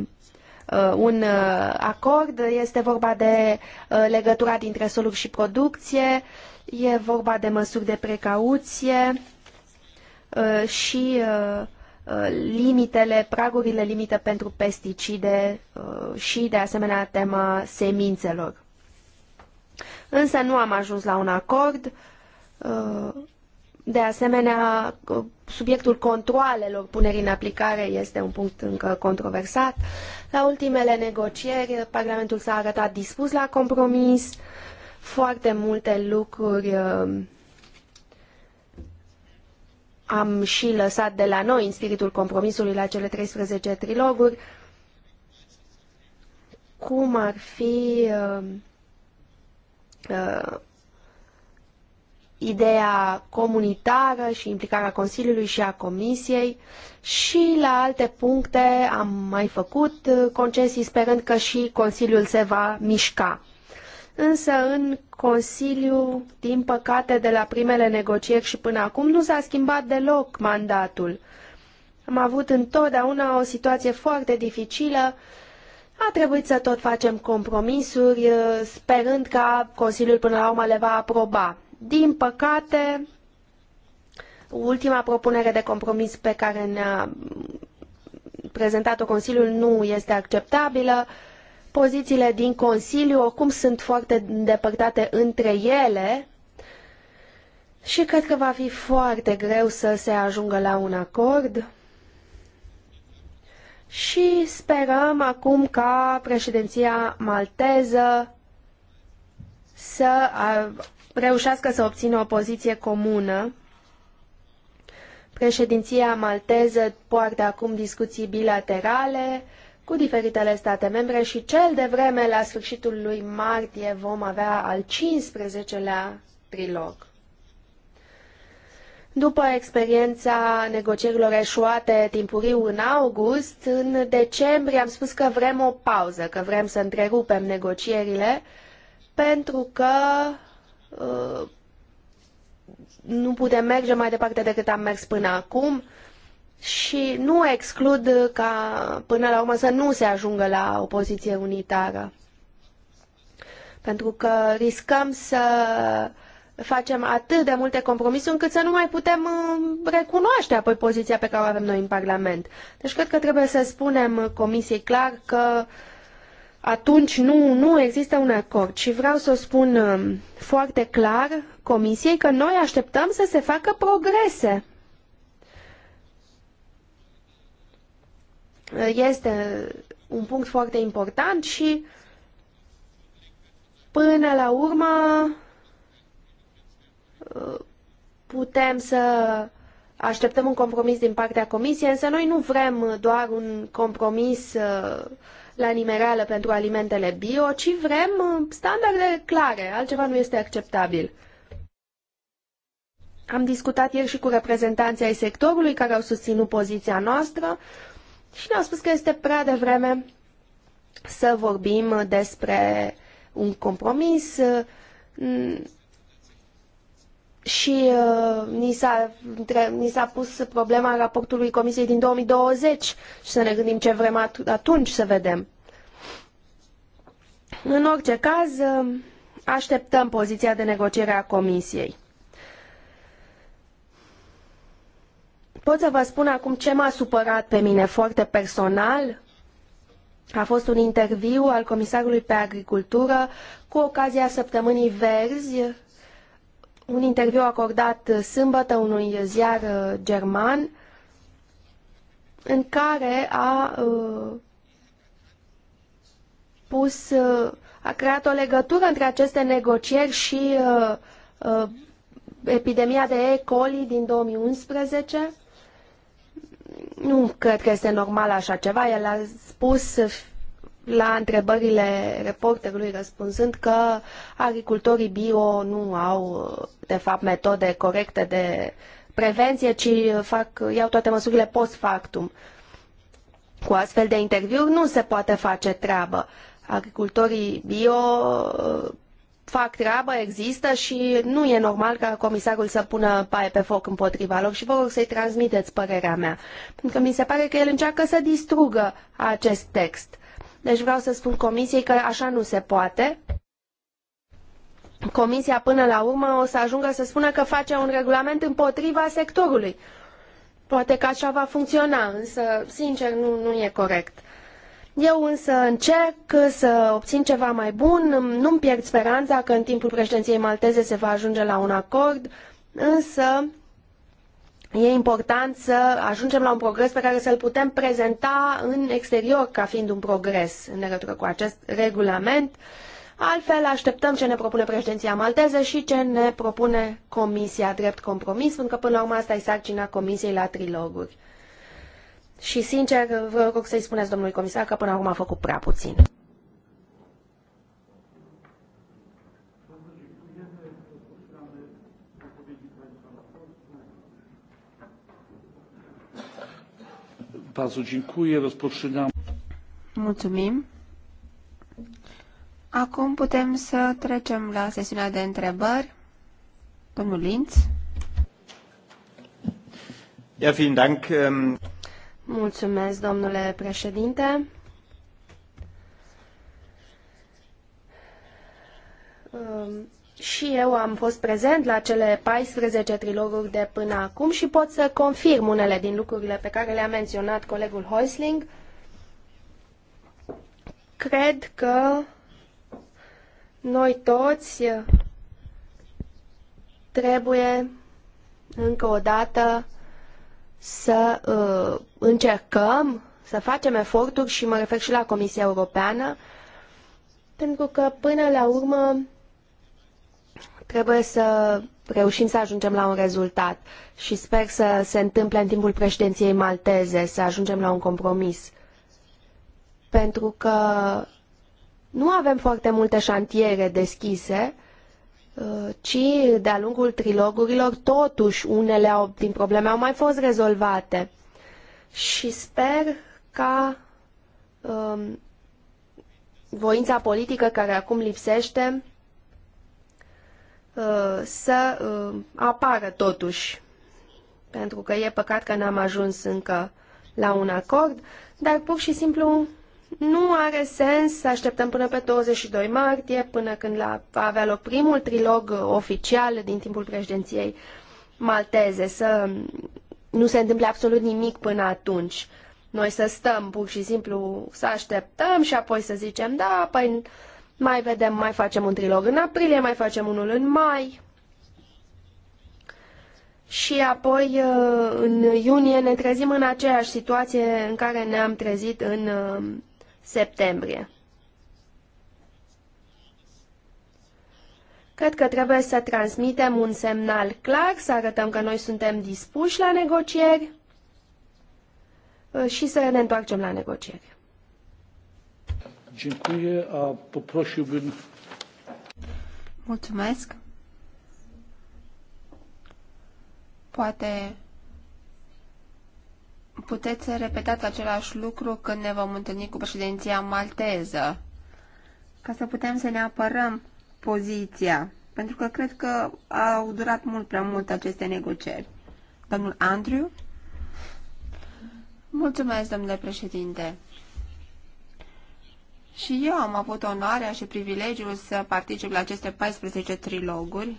uh, un acord, este vorba de legătura dintre soluri și producție, e vorba de măsuri de precauție și limitele, pragurile limite pentru pesticide și de asemenea tema semințelor însă nu am ajuns la un acord. Uh, de asemenea, uh, subiectul controalelor punerii în aplicare este un punct încă controversat. La ultimele negocieri, Parlamentul s-a arătat dispus la compromis. Foarte multe lucruri uh, am și lăsat de la noi în spiritul compromisului la cele 13 triloguri, cum ar fi uh, ideea comunitară și implicarea Consiliului și a Comisiei și la alte puncte am mai făcut uh, concesii sperând că și Consiliul se va mișca. Însă în Consiliu, din păcate, de la primele negocieri și până acum nu s-a schimbat deloc mandatul. Am avut întotdeauna o situație foarte dificilă a trebuit să tot facem compromisuri, uh, sperând ca Consiliul până la urmă le va aproba. Din păcate, ultima propunere de compromis pe care ne-a prezentat-o Consiliul nu este acceptabilă. Pozițiile din Consiliu oricum sunt foarte îndepărtate între ele și cred că va fi foarte greu să se ajungă la un acord și sperăm acum ca președinția malteză să reușească să obțină o poziție comună. Președinția malteză poartă acum discuții bilaterale cu diferitele state membre și cel de vreme la sfârșitul lui martie vom avea al 15-lea trilog. După experiența negocierilor eșuate timpuriu în august, în decembrie am spus că vrem o pauză, că vrem să întrerupem negocierile, pentru că uh, nu putem merge mai departe decât am mers până acum și nu exclud ca până la urmă să nu se ajungă la o poziție unitară. Pentru că riscăm să uh, facem atât de multe compromisuri încât să nu mai putem uh, recunoaște apoi poziția pe care o avem noi în Parlament. Deci cred că trebuie să spunem Comisiei clar că atunci nu, nu există un acord și vreau să o spun uh, foarte clar Comisiei că noi așteptăm să se facă progrese. Este un punct foarte important și până la urmă putem să așteptăm un compromis din partea Comisiei, însă noi nu vrem doar un compromis uh, la nimereală pentru alimentele bio, ci vrem uh, standarde clare, altceva nu este acceptabil. Am discutat ieri și cu reprezentanții ai sectorului care au susținut poziția noastră și ne-au spus că este prea devreme să vorbim despre un compromis. Uh, și uh, ni, s-a, ni s-a pus problema raportului Comisiei din 2020 și să ne gândim ce vrem at- atunci să vedem. În orice caz, uh, așteptăm poziția de negociere a Comisiei. Pot să vă spun acum ce m-a supărat pe mine foarte personal? A fost un interviu al comisarului pe agricultură cu ocazia săptămânii verzi un interviu acordat sâmbătă unui ziar uh, german în care a uh, pus, uh, a creat o legătură între aceste negocieri și epidemia de E. coli din 2011. Nu cred că este normal așa ceva. El a spus la întrebările reporterului răspunzând că agricultorii bio nu au de fapt, metode corecte de prevenție, ci fac, iau toate măsurile post factum. Cu astfel de interviuri nu se poate face treabă. Agricultorii bio uh, fac treabă, există și nu e normal ca comisarul să pună paie pe foc împotriva lor și vă rog să-i transmiteți părerea mea, pentru că mi se pare că el încearcă să distrugă acest text. Deci vreau să spun comisiei că așa nu se poate. Comisia până la urmă o să ajungă să spună că face un regulament împotriva sectorului. Poate că așa va funcționa, însă, sincer, nu, nu e corect. Eu însă încerc să obțin ceva mai bun, nu-mi pierd speranța că în timpul președinției malteze se va ajunge la un acord, însă e important să ajungem la un progres pe care să-l putem prezenta în exterior ca fiind un progres în legătură cu acest regulament. Uh, Altfel, așteptăm ce ne propune președinția malteză și ce ne propune Comisia drept compromis, pentru că până la urmă asta e sarcina Comisiei la triloguri. Și sincer, vă rog să-i spuneți domnului comisar că până acum a făcut prea puțin. Mulțumim. Acum putem să trecem la sesiunea de întrebări. Domnul Linț. Ja, vielen Dank. Ähm, Mulțumesc, domnule președinte. Și eu am fost prezent la cele 14 triloguri de până acum și pot să confirm unele din lucrurile pe care le-a menționat colegul Heusling. Cred că noi toți trebuie încă o dată să uh, încercăm să facem eforturi și mă refer și la Comisia Europeană, pentru că până la urmă trebuie să reușim să ajungem la un rezultat și sper să se întâmple în timpul președinției malteze, să ajungem la un compromis. Pentru că nu avem foarte multe șantiere deschise, uh, ci de-a lungul trilogurilor, totuși, unele din probleme au mai fost rezolvate. Și sper ca um, voința politică care acum lipsește uh, să uh, apară totuși. Pentru că e păcat că n-am ajuns încă la un acord, dar pur și simplu nu are sens să așteptăm până pe 22 martie, până când la, va avea loc primul trilog oficial din timpul președinției malteze, să nu se întâmple absolut nimic până atunci. Noi să stăm pur și simplu, să așteptăm și apoi să zicem, da, păi mai vedem, mai facem un trilog în aprilie, mai facem unul în mai. Și apoi, uh, în iunie, ne trezim în aceeași situație în care ne-am trezit în uh, septembrie. Cred că trebuie să transmitem un semnal clar, să arătăm că noi suntem dispuși la negocieri și să ne întoarcem la negocieri. Dziękuję, a poprosiłbym... Mulțumesc. Poate puteți să repetați același lucru când ne vom întâlni cu președinția malteză, ca să putem să ne apărăm poziția, pentru că cred că au durat mult prea mult aceste negocieri. Domnul Andrew? Mulțumesc, domnule președinte. Și eu am avut onoarea și privilegiul să particip la aceste 14 triloguri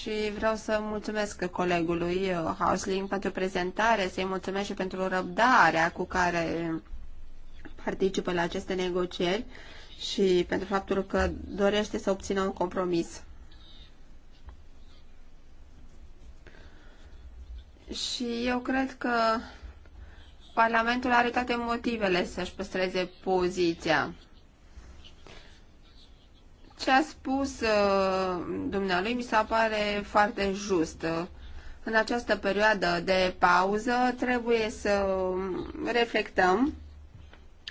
și vreau să mulțumesc colegului uh, Hausling pentru prezentare, să-i mulțumesc și pentru răbdarea cu care participă la aceste negocieri și pentru faptul că dorește să obțină un compromis. Și eu cred că Parlamentul are toate motivele să-și păstreze poziția. Ce a spus uh, dumnealui mi se pare foarte just. În această perioadă de pauză trebuie să reflectăm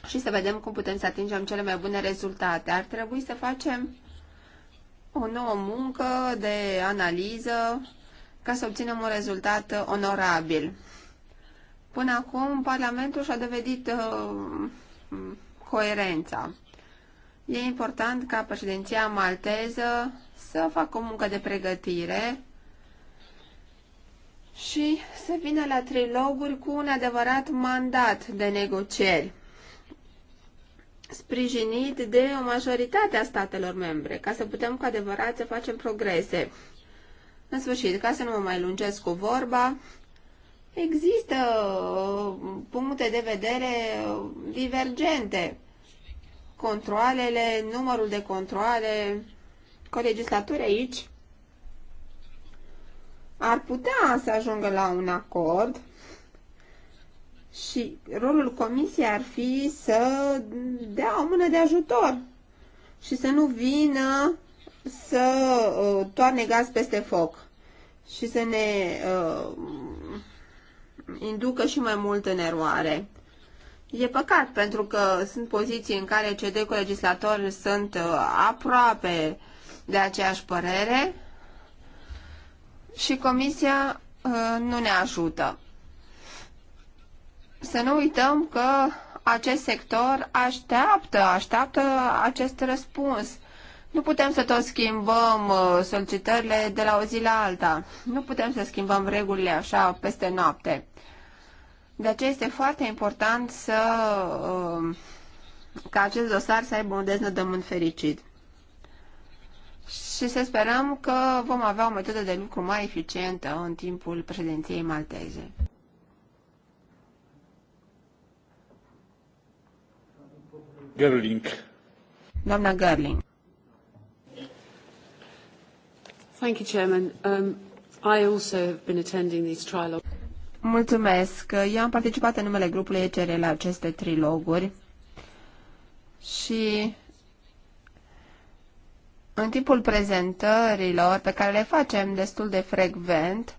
și să vedem cum putem să atingem cele mai bune rezultate. Ar trebui să facem o nouă muncă de analiză ca să obținem un rezultat onorabil. Până acum, Parlamentul și-a dovedit uh, coerența. E important ca președinția malteză să facă o muncă de pregătire și să vină la triloguri cu un adevărat mandat de negocieri, sprijinit de o majoritate a statelor membre, ca să putem cu adevărat să facem progrese. În sfârșit, ca să nu mă mai lungesc cu vorba, există uh, puncte de vedere uh, divergente controalele, numărul de controale, colegislatori aici ar putea să ajungă la un acord și rolul comisiei ar fi să dea o mână de ajutor și să nu vină să uh, toarne gaz peste foc și să ne uh, inducă și mai mult în eroare. E păcat, pentru că sunt poziții în care cei cu legislatori sunt uh, aproape de aceeași părere și Comisia uh, nu ne ajută. Să nu uităm că acest sector așteaptă, așteaptă acest răspuns. Nu putem să tot schimbăm uh, solicitările de la o zi la alta. Nu putem să schimbăm regulile așa peste noapte. De aceea este foarte important să, um, ca acest dosar să aibă un deznădământ fericit. Și să sperăm că vom avea o metodă de lucru mai eficientă în timpul președinției malteze. Gerling. Doamna Gerling. Thank you, Chairman. Um, I also have been attending these trilogues. Mulțumesc. Eu am participat în numele grupului ECR la aceste triloguri și în timpul prezentărilor pe care le facem destul de frecvent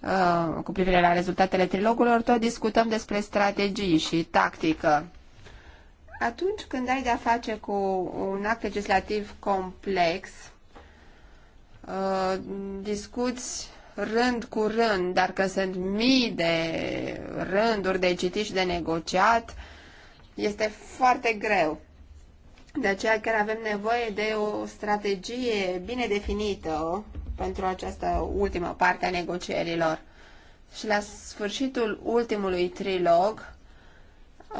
uh, cu privire la rezultatele trilogurilor, tot discutăm despre strategii și tactică. Atunci când ai de-a face cu un act legislativ complex, uh, discuți rând cu rând, dar că sunt mii de rânduri de citit și de negociat, este foarte greu. De aceea chiar avem nevoie de o strategie bine definită pentru această ultimă parte a negocierilor. Și la sfârșitul ultimului trilog uh,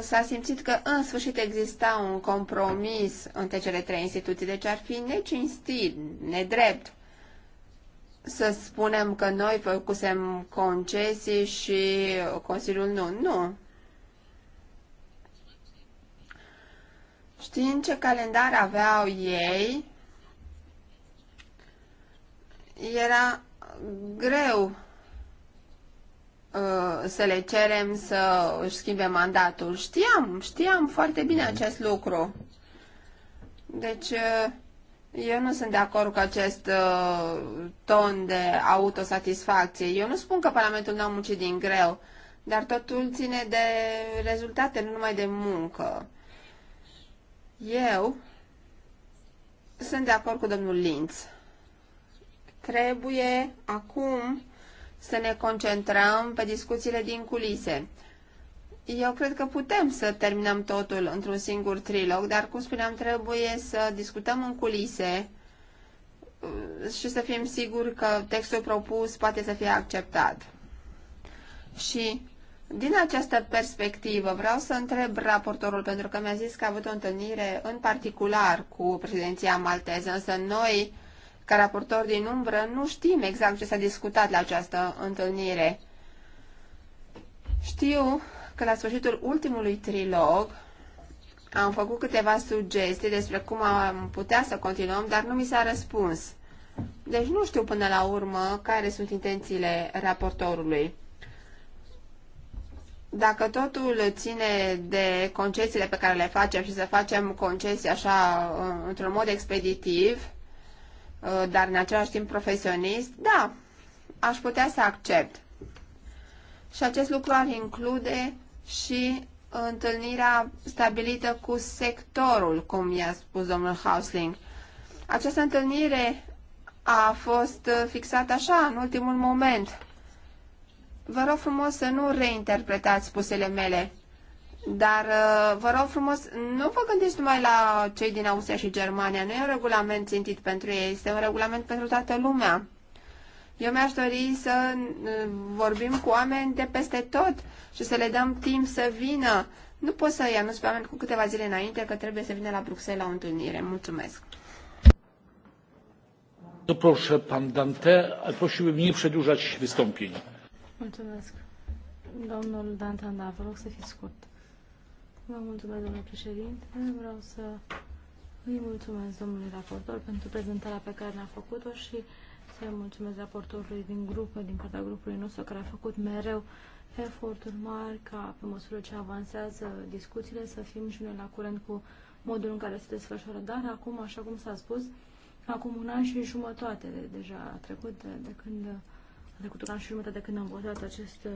s-a simțit că în sfârșit exista un compromis între cele trei instituții, deci ar fi necinstit, nedrept să spunem că noi făcusem concesii și Consiliul nu. Nu. Știind ce calendar aveau ei, era greu uh, să le cerem să își schimbe mandatul. Știam, știam foarte bine mhm. acest lucru. Deci, uh, eu nu sunt de acord cu acest uh, ton de autosatisfacție. Eu nu spun că Parlamentul n-a muncit din greu, dar totul ține de rezultate, nu numai de muncă. Eu sunt de acord cu domnul Linz. Trebuie acum să ne concentrăm pe discuțiile din culise. Eu cred că putem să terminăm totul într-un singur trilog, dar, cum spuneam, trebuie să discutăm în culise uh, și să fim siguri că textul propus poate să fie acceptat. Și din această perspectivă vreau să întreb raportorul, pentru că mi-a zis că a avut o întâlnire în particular cu președinția malteză, însă noi, ca raportor din umbră, nu știm exact ce s-a discutat la această întâlnire. Știu că la sfârșitul ultimului trilog am făcut câteva sugestii despre cum am putea să continuăm, dar nu mi s-a răspuns. Deci nu știu până la urmă care sunt intențiile raportorului. Dacă totul ține de concesiile pe care le facem și să facem concesii așa uh, într-un mod expeditiv, uh, dar în același timp profesionist, da, aș putea să accept. Și acest lucru ar include și întâlnirea stabilită cu sectorul, cum i-a spus domnul Hausling. Această întâlnire a fost fixată așa, în ultimul moment. Vă rog frumos să nu reinterpretați spusele mele, dar uh, vă rog frumos, nu vă gândiți numai la cei din Austria și Germania. Nu e un regulament țintit pentru ei, este un regulament pentru toată lumea. Eu mi-aș dori să mm, vorbim cu oameni de peste tot și să le dăm timp să vină. Nu pot să-i anunț pe oameni cu câteva zile înainte că trebuie să vină la Bruxelles la o întâlnire. Mulțumesc. No proszę, pan Dante, ale prosiłbym nie przedłużać wystąpień. Mulțumesc. Domnul Dantana, vă rog să fiți scurt. Vă mulțumesc, domnule președinte. Vreau să îi mulțumesc domnului raportor pentru prezentarea pe care ne-a făcut-o și să mulțumesc raportorului din grupă, din partea grupului nostru, care a făcut mereu eforturi mari ca, pe măsură ce avansează discuțiile, să fim și noi la curent cu modul în care se desfășoară. Dar acum, așa cum s-a spus, acum un an și jumătate deja a trecut de, de când a trecut un an și jumătate de când am votat acest uh,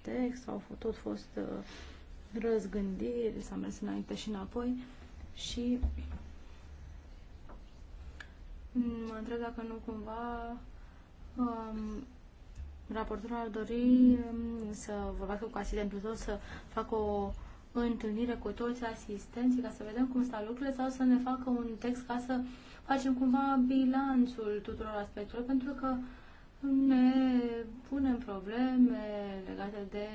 text, au tot fost uh, răzgândiri, s-a mers înainte și înapoi și Mă întreb dacă nu cumva um, raportorul ar dori um, să vorbească cu asistentul său, să facă o întâlnire cu toți asistenții ca să vedem cum stau lucrurile sau să ne facă un text ca să facem cumva bilanțul tuturor aspectelor, pentru că ne punem probleme legate de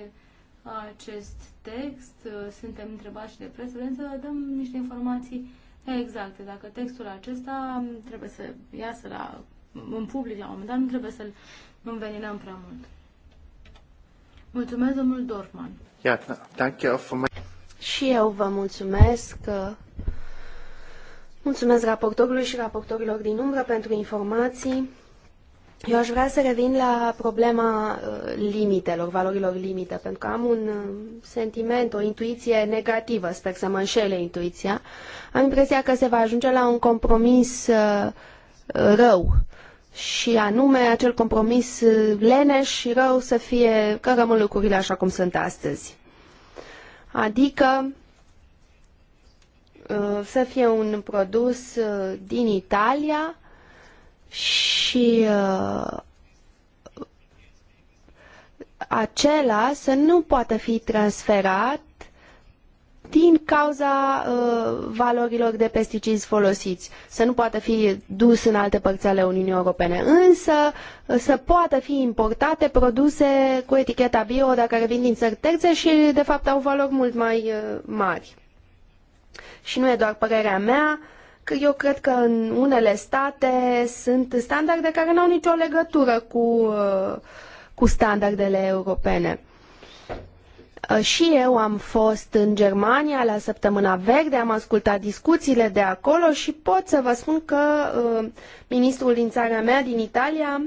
acest text, suntem întrebați și de presă, vrem să dăm niște informații Exact. Dacă textul acesta trebuie să iasă la, în public la un moment dat, nu trebuie să-l înveninăm prea mult. Mulțumesc, domnul Dorfman. Iată, da, you for my... Și eu vă mulțumesc că... Uh, mulțumesc raportorului și raportorilor din umbră pentru informații. Eu aș vrea să revin la problema uh, limitelor, valorilor limită, pentru că am un uh, sentiment, o intuiție negativă, sper să mă înșele intuiția. Am impresia că se va ajunge la un compromis uh, rău și anume acel compromis leneș și rău să fie că rămân lucrurile așa cum sunt astăzi. Adică să fie un produs din Italia, și uh, acela să nu poată fi transferat din cauza uh, valorilor de pesticizi folosiți, să nu poată fi dus în alte părți ale Uniunii Europene, însă uh, să poată fi importate produse cu eticheta bio, dacă revin vin din țări terțe și de fapt au valori mult mai uh, mari. Și nu e doar părerea mea, uh, eu cred că în unele state sunt standarde care nu au nicio legătură cu, uh, cu standardele europene. Uh, și eu am fost în Germania la Săptămâna Verde, am ascultat discuțiile de acolo și pot să vă spun că uh, ministrul din țara mea, din Italia,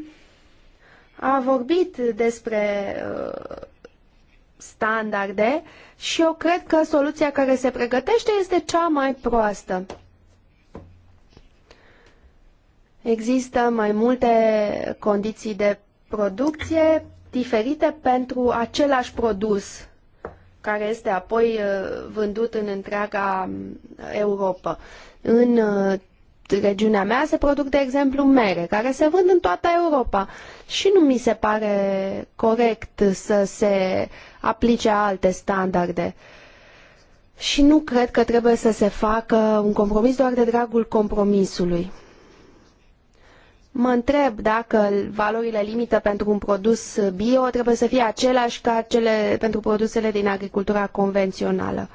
a vorbit despre standarde și eu cred că soluția care se pregătește este cea mai proastă. Există mai multe condiții de producție diferite pentru același produs care este apoi uh, vândut în întreaga um, Europa. În uh, regiunea mea se produc, de exemplu, mere, care se vând în toată Europa. Și nu mi se pare corect să se aplice alte standarde. Și nu cred că trebuie să se facă un compromis doar de dragul compromisului. Mă întreb dacă valorile limită pentru un produs bio trebuie să fie aceleași ca cele pentru produsele din agricultura convențională.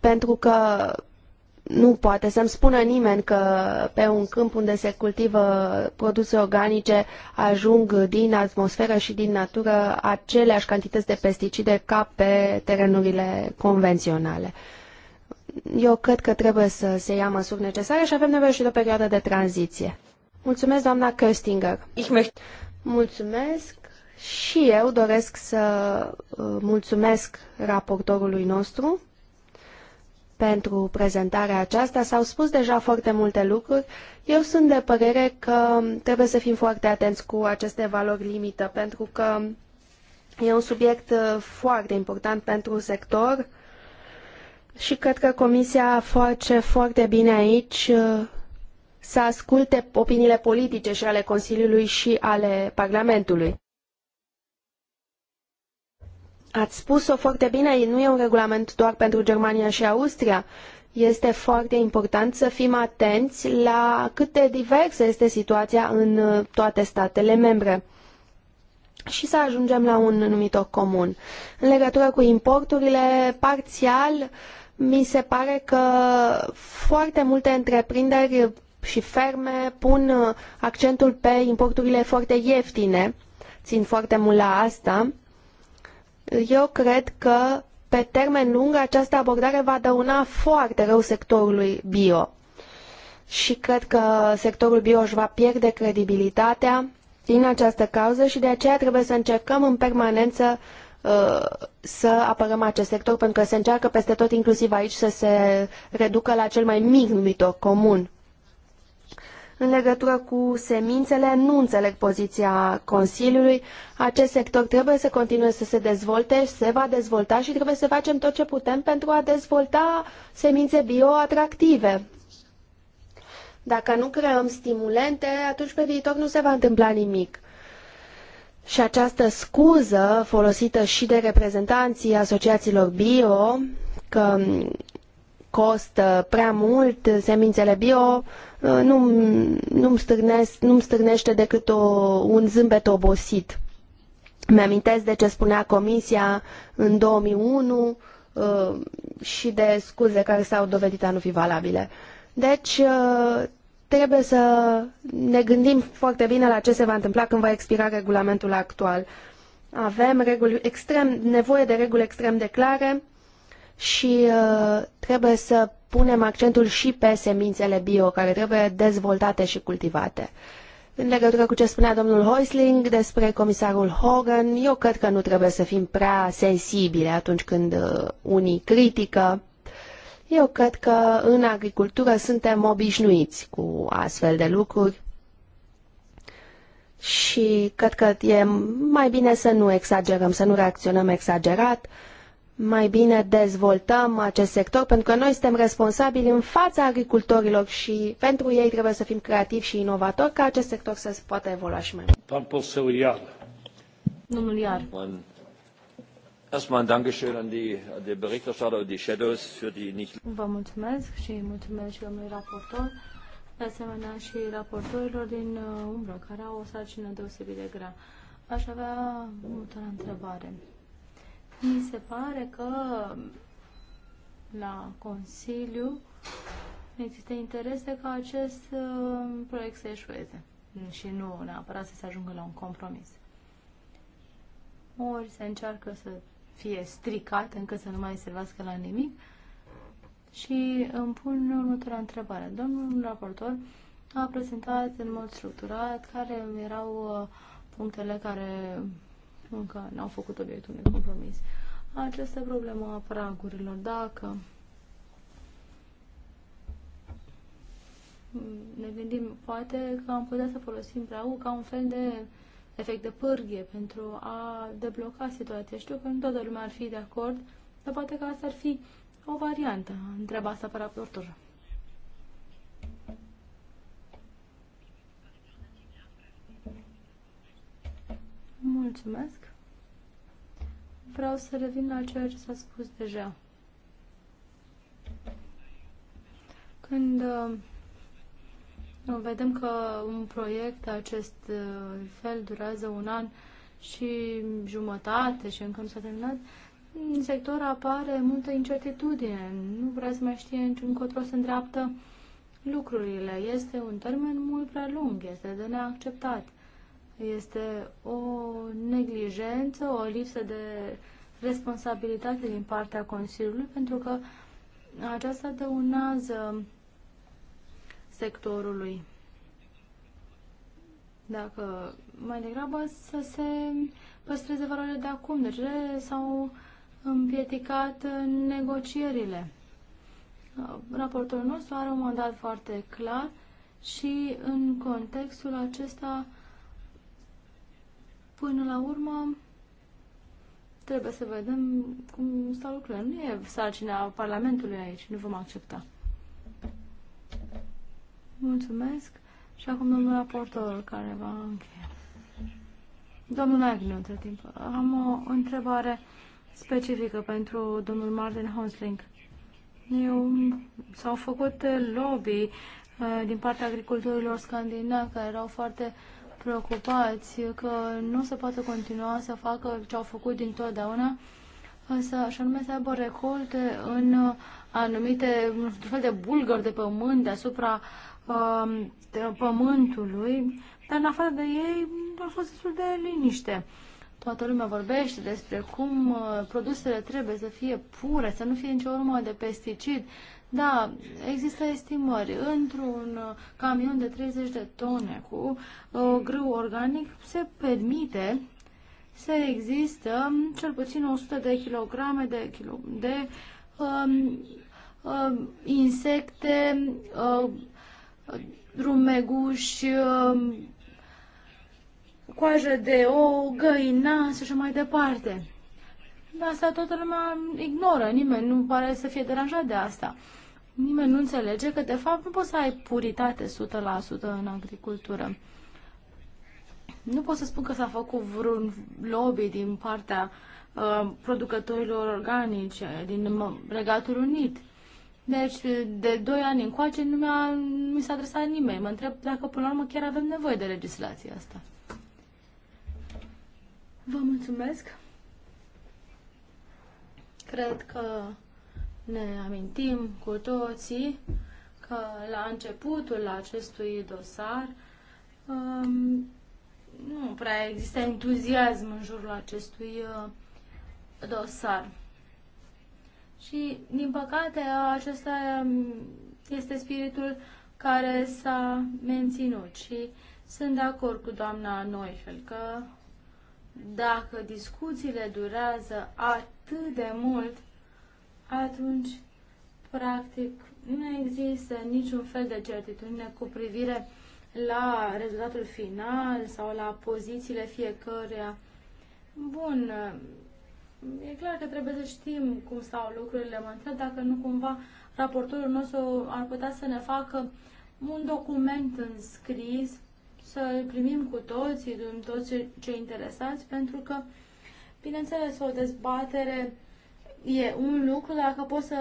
Pentru că nu poate să-mi spună nimeni că pe un câmp unde se cultivă produse organice ajung din atmosferă și din natură aceleași cantități de pesticide ca pe terenurile convenționale. Uh, eu cred că trebuie să se ia măsuri necesare și avem nevoie și de o perioadă de tranziție. Mulțumesc, doamna Köstinger. Mulțumesc și eu doresc să uh, mulțumesc raportorului nostru pentru prezentarea aceasta. S-au spus deja foarte multe lucruri. Eu sunt de părere că trebuie să fim foarte atenți cu aceste valori limită, pentru că e un subiect uh, foarte important pentru sector și cred că Comisia face foarte bine aici uh, să asculte opiniile politice și ale Consiliului și ale Parlamentului. Ați spus-o foarte bine, nu e un regulament doar pentru Germania și Austria. Este foarte important să fim atenți la cât de diversă este situația în uh, toate statele membre și să ajungem la un numitor comun. În legătură cu importurile, parțial, uh, mi se pare că foarte multe întreprinderi și ferme pun uh, accentul pe importurile foarte ieftine, țin foarte mult la asta. Eu cred că pe termen lung această abordare va dăuna foarte rău sectorului bio. Și cred că sectorul bio își va pierde credibilitatea din această cauză și de aceea trebuie să încercăm în permanență Uh, să apărăm acest sector, pentru că se încearcă peste tot, inclusiv aici, să se reducă la cel mai mic numitor comun. În legătură cu semințele, nu înțeleg poziția Consiliului. Acest sector trebuie să continue să se dezvolte, se va dezvolta și trebuie să facem tot ce putem pentru a dezvolta semințe bioatractive. Dacă nu creăm stimulente, atunci pe viitor nu se va întâmpla nimic. Și această scuză folosită și de reprezentanții asociațiilor bio, că costă prea mult semințele bio, nu, nu-mi, stârnesc, nu stârnește decât o, un zâmbet obosit. Mi-amintesc de ce spunea Comisia în 2001 uh, și de scuze care s-au dovedit a nu fi valabile. Deci uh, trebuie să ne gândim foarte bine la ce se va întâmpla când va expira regulamentul actual. Avem reguli extrem, nevoie de reguli extrem de clare și uh, trebuie să punem accentul și pe semințele bio, care trebuie dezvoltate și cultivate. În legătură cu ce spunea domnul Hoisling despre comisarul Hogan, eu cred că nu trebuie să fim prea sensibile atunci când uh, unii critică eu cred că în agricultură suntem obișnuiți cu astfel de lucruri și cred că e mai bine să nu exagerăm, să nu reacționăm exagerat, mai bine dezvoltăm acest sector, pentru că noi suntem responsabili în fața agricultorilor și pentru ei trebuie să fim creativi și inovatori ca acest sector să se poată evolua și mai mult. Domnul Iar. Vă mulțumesc și mulțumesc și domnului raportor, de asemenea și raportorilor din uh, umbră, care au o sarcină deosebit de grea. Aș avea multă întrebare. Mi se pare că la Consiliu există interese ca acest uh, proiect să eșueze și nu neapărat să se ajungă la un compromis. Ori se încearcă să fie stricat încât să nu mai servească la nimic. Și îmi pun următoarea întrebare. Domnul raportor a prezentat în mod structurat care erau uh, punctele care încă n-au făcut obiectul unui compromis. Această problemă a pragurilor, dacă ne gândim, poate că am putea să folosim pragul ca un fel de efect de pârghie pentru a debloca situația. Știu că nu toată lumea ar fi de acord, dar poate că asta ar fi o variantă. Întreba asta pe raportor. Mulțumesc. Vreau să revin la ceea ce s-a spus deja. Când uh, Vedem că un proiect acest uh, fel durează un an și jumătate și încă nu s-a terminat. În sector apare multă incertitudine. Nu vrea să mai știe încotro se îndreaptă lucrurile. Este un termen mult prea lung, este de neacceptat. Este o neglijență, o lipsă de responsabilitate din partea Consiliului, pentru că aceasta dăunează sectorului. Dacă mai degrabă să se păstreze valorile de acum, deci s-au împieticat negocierile. Raportul nostru are un mandat foarte clar și în contextul acesta, până la urmă, trebuie să vedem cum stau lucrurile. Nu e sarcina Parlamentului aici, nu vom accepta. Mulțumesc. Și acum domnul raportor care va încheia. Domnul Agnew, între timp, am o întrebare specifică pentru domnul Martin Honsling. Eu, s-au făcut lobby uh, din partea agricultorilor scandinavi care erau foarte preocupați că nu se poate continua să facă ce au făcut dintotdeauna, să, așa nume să aibă recolte în uh, anumite, un fel de bulgări de pământ deasupra uh, uh, pământului, dar în afară de ei a fost destul de liniște. Toată lumea vorbește despre cum uh, produsele trebuie să fie pure, să nu fie nicio urmă de pesticid. Da, există estimări. Într-un uh, camion de 30 de tone cu uh, grâu organic se permite să există cel puțin 100 de kilograme de, kilo, de um, uh, uh, insecte uh, drumeguș, um, coajă de ou, găina și așa mai departe. dar Asta toată lumea ignoră, nimeni nu pare să fie deranjat de asta. Nimeni nu înțelege că, de fapt, nu poți să ai puritate 100% în agricultură. Nu pot să spun că s-a făcut vreun lobby din partea uh, producătorilor organice din Regatul Unit. Deci, de 2 ani încoace, nu mi-a, mi s-a adresat nimeni. Mă întreb dacă, până la urmă, chiar avem nevoie de legislația asta. Vă mulțumesc. Cred că ne amintim cu toții că la începutul acestui dosar um, nu prea există entuziasm în jurul acestui uh, dosar. Și, din păcate, acesta um, este spiritul care s-a menținut și sunt de acord cu doamna Noifel că dacă discuțiile durează atât de mult, atunci, practic, nu există niciun fel de certitudine cu privire la rezultatul final sau la pozițiile fiecăruia. Bun, E clar că trebuie să știm cum stau lucrurile. Mă întreb dacă nu cumva raportorul nostru ar putea să ne facă un document înscris, să îl primim cu toții, toți cei interesați, pentru că, bineînțeles, o dezbatere e un lucru, dacă poți să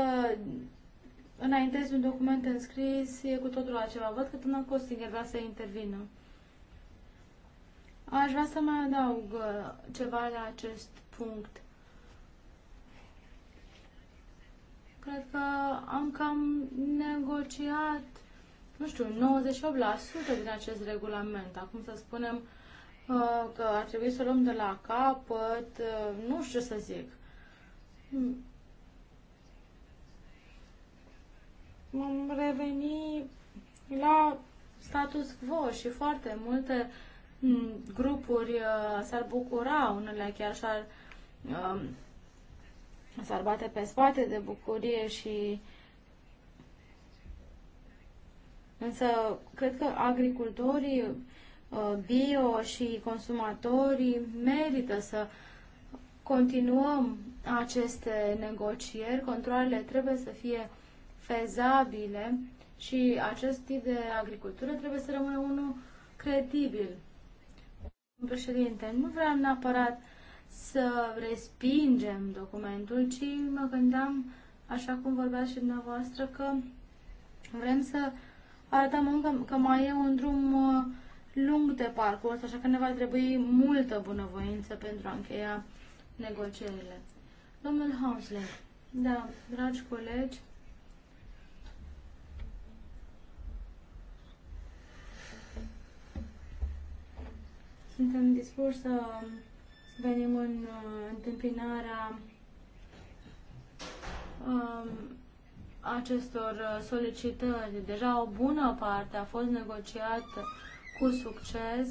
înaintezi un document înscris, e cu totul altceva. Văd că doamna Costing vrea să intervină. Aș vrea să mai adaug uh, ceva la acest punct. cred că am cam negociat, nu știu, 98% din acest regulament. Acum să spunem uh, că ar trebui să luăm de la capăt, uh, nu știu ce să zic. Hmm. Vom reveni la status quo și foarte multe hmm, grupuri uh, s-ar bucura, unele chiar și-ar s-ar bate pe spate de bucurie și Însă, cred că agricultorii uh, bio și consumatorii merită să continuăm aceste negocieri. Controlele trebuie să fie fezabile și acest tip de agricultură trebuie să rămână unul credibil. Președinte, nu vreau neapărat să respingem documentul, ci mă gândeam, așa cum vorbeați și dumneavoastră, că vrem să arătăm încă că mai e un drum uh, lung de parcurs, așa că ne va trebui multă bunăvoință pentru a încheia negocierile. Domnul Hausley, da, dragi colegi, suntem dispuși să venim în uh, întâmpinarea um, acestor uh, solicitări. Deja o bună parte a fost negociată cu succes,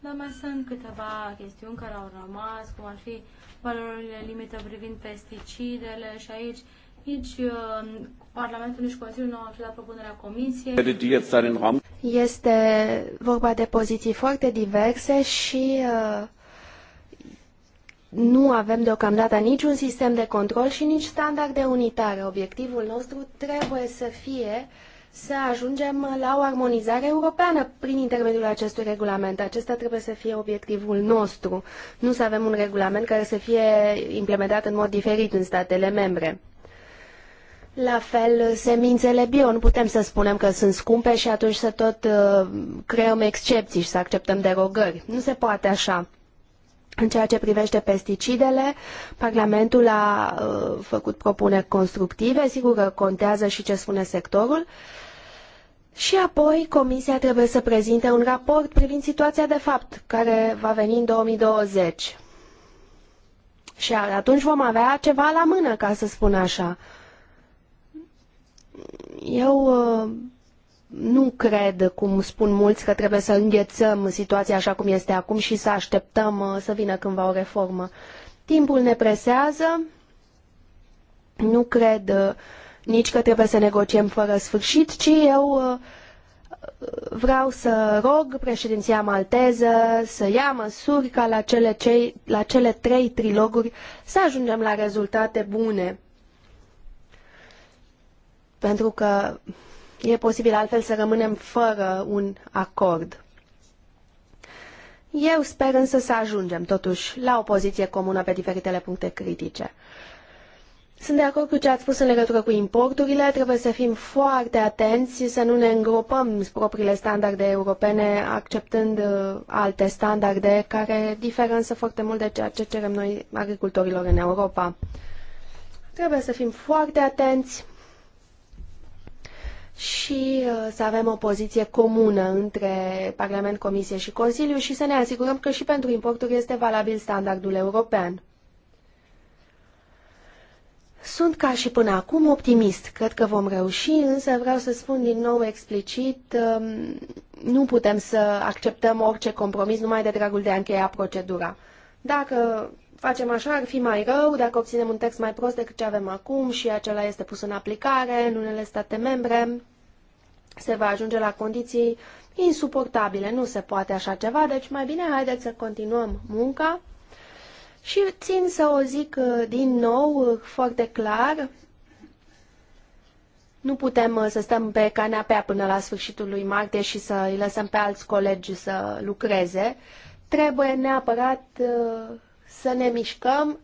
dar mai sunt câteva chestiuni care au rămas, cum ar fi valorile limită privind pesticidele și aici nici uh, Parlamentul, nici Consiliul nu au acceptat propunerea Comisiei. Da este vorba de poziții foarte diverse și uh, nu avem deocamdată niciun sistem de control și nici standarde unitare. Obiectivul nostru trebuie să fie să ajungem la o armonizare europeană prin intermediul acestui regulament. Acesta trebuie să fie obiectivul nostru, nu să avem un regulament care să fie implementat în mod diferit în statele membre. La fel, semințele bio, nu putem să spunem că sunt scumpe și atunci să tot uh, creăm excepții și să acceptăm derogări. Nu se poate așa. În ceea ce privește pesticidele, Parlamentul a uh, făcut propuneri constructive, sigur că contează și ce spune sectorul. Și apoi Comisia trebuie să prezinte un raport privind situația de fapt, care va veni în 2020. Și atunci vom avea ceva la mână, ca să spun așa. Eu uh, nu cred, cum spun mulți, că trebuie să înghețăm situația așa cum este acum și să așteptăm uh, să vină cândva o reformă. Timpul ne presează, nu cred uh, nici că trebuie să negociem fără sfârșit, ci eu uh, vreau să rog președinția malteză să ia măsuri ca la cele, cei, la cele trei triloguri să ajungem la rezultate bune. Pentru că E posibil altfel să rămânem fără un acord. Eu sper însă să ajungem totuși la o poziție comună pe diferitele puncte critice. Sunt de acord cu ce ați spus în legătură cu importurile. Trebuie să fim foarte atenți să nu ne îngropăm propriile standarde europene acceptând uh, alte standarde care diferă însă foarte mult de ceea ce cerem noi agricultorilor în Europa. Trebuie să fim foarte atenți și uh, să avem o poziție comună între Parlament, Comisie și Consiliu și să ne asigurăm că și pentru importuri este valabil standardul european. Sunt ca și până acum optimist, cred că vom reuși, însă vreau să spun din nou explicit, um, nu putem să acceptăm orice compromis numai de dragul de a încheia procedura. Dacă facem așa, ar fi mai rău dacă obținem un text mai prost decât ce avem acum și acela este pus în aplicare în unele state membre. Se va ajunge la condiții insuportabile, nu se poate așa ceva, deci mai bine haideți să continuăm munca. Și țin să o zic uh, din nou uh, foarte clar, nu putem uh, să stăm pe canapea până la sfârșitul lui martie și să îi lăsăm pe alți colegi să lucreze. Trebuie neapărat să ne mișcăm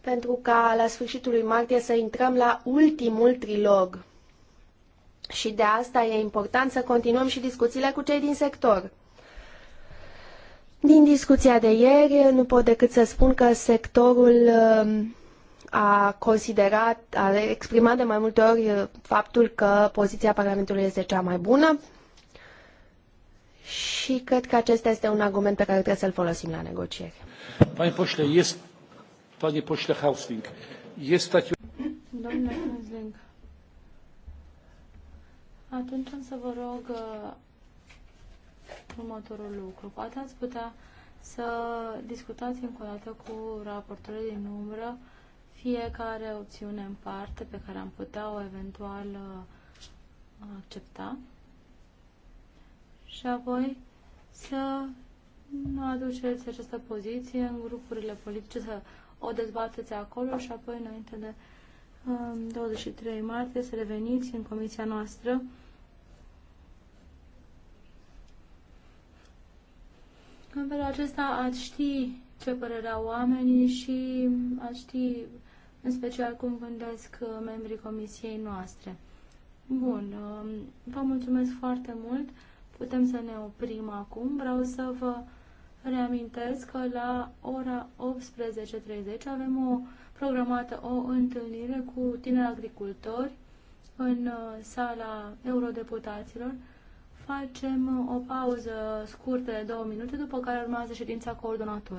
pentru ca la sfârșitul lui martie să intrăm la ultimul trilog. Și de asta e important să continuăm și discuțiile cu cei din sector. Din discuția de ieri, nu pot decât să spun că sectorul um, a considerat, a exprimat de mai multe ori uh, faptul că poziția Parlamentului este cea mai bună și cred că acesta este un argument pe care trebuie să-l folosim la negocieri. Panie pośle, jest... Panie pośle Hausling, jest taki... Domnule Hausling, atunci am să vă rog uh, următorul lucru. Poate ați putea să discutați încă o dată cu raportorul din umbră fiecare opțiune în parte pe care am putea o eventual uh, accepta și apoi să aduceți această poziție în grupurile politice, să o dezbateți acolo și apoi înainte de 23 um, martie să reveniți în comisia noastră. În felul acesta ați ști ce părere au oamenii și ați ști în special cum gândesc uh, membrii comisiei noastre. Bun, um, vă mulțumesc foarte mult. Putem să ne oprim acum. Vreau să vă Reamintesc că la ora 18.30 avem o programată o întâlnire cu tineri agricultori în uh, sala eurodeputaților. Facem uh, o pauză scurtă de două minute, după care urmează ședința coordonatorului.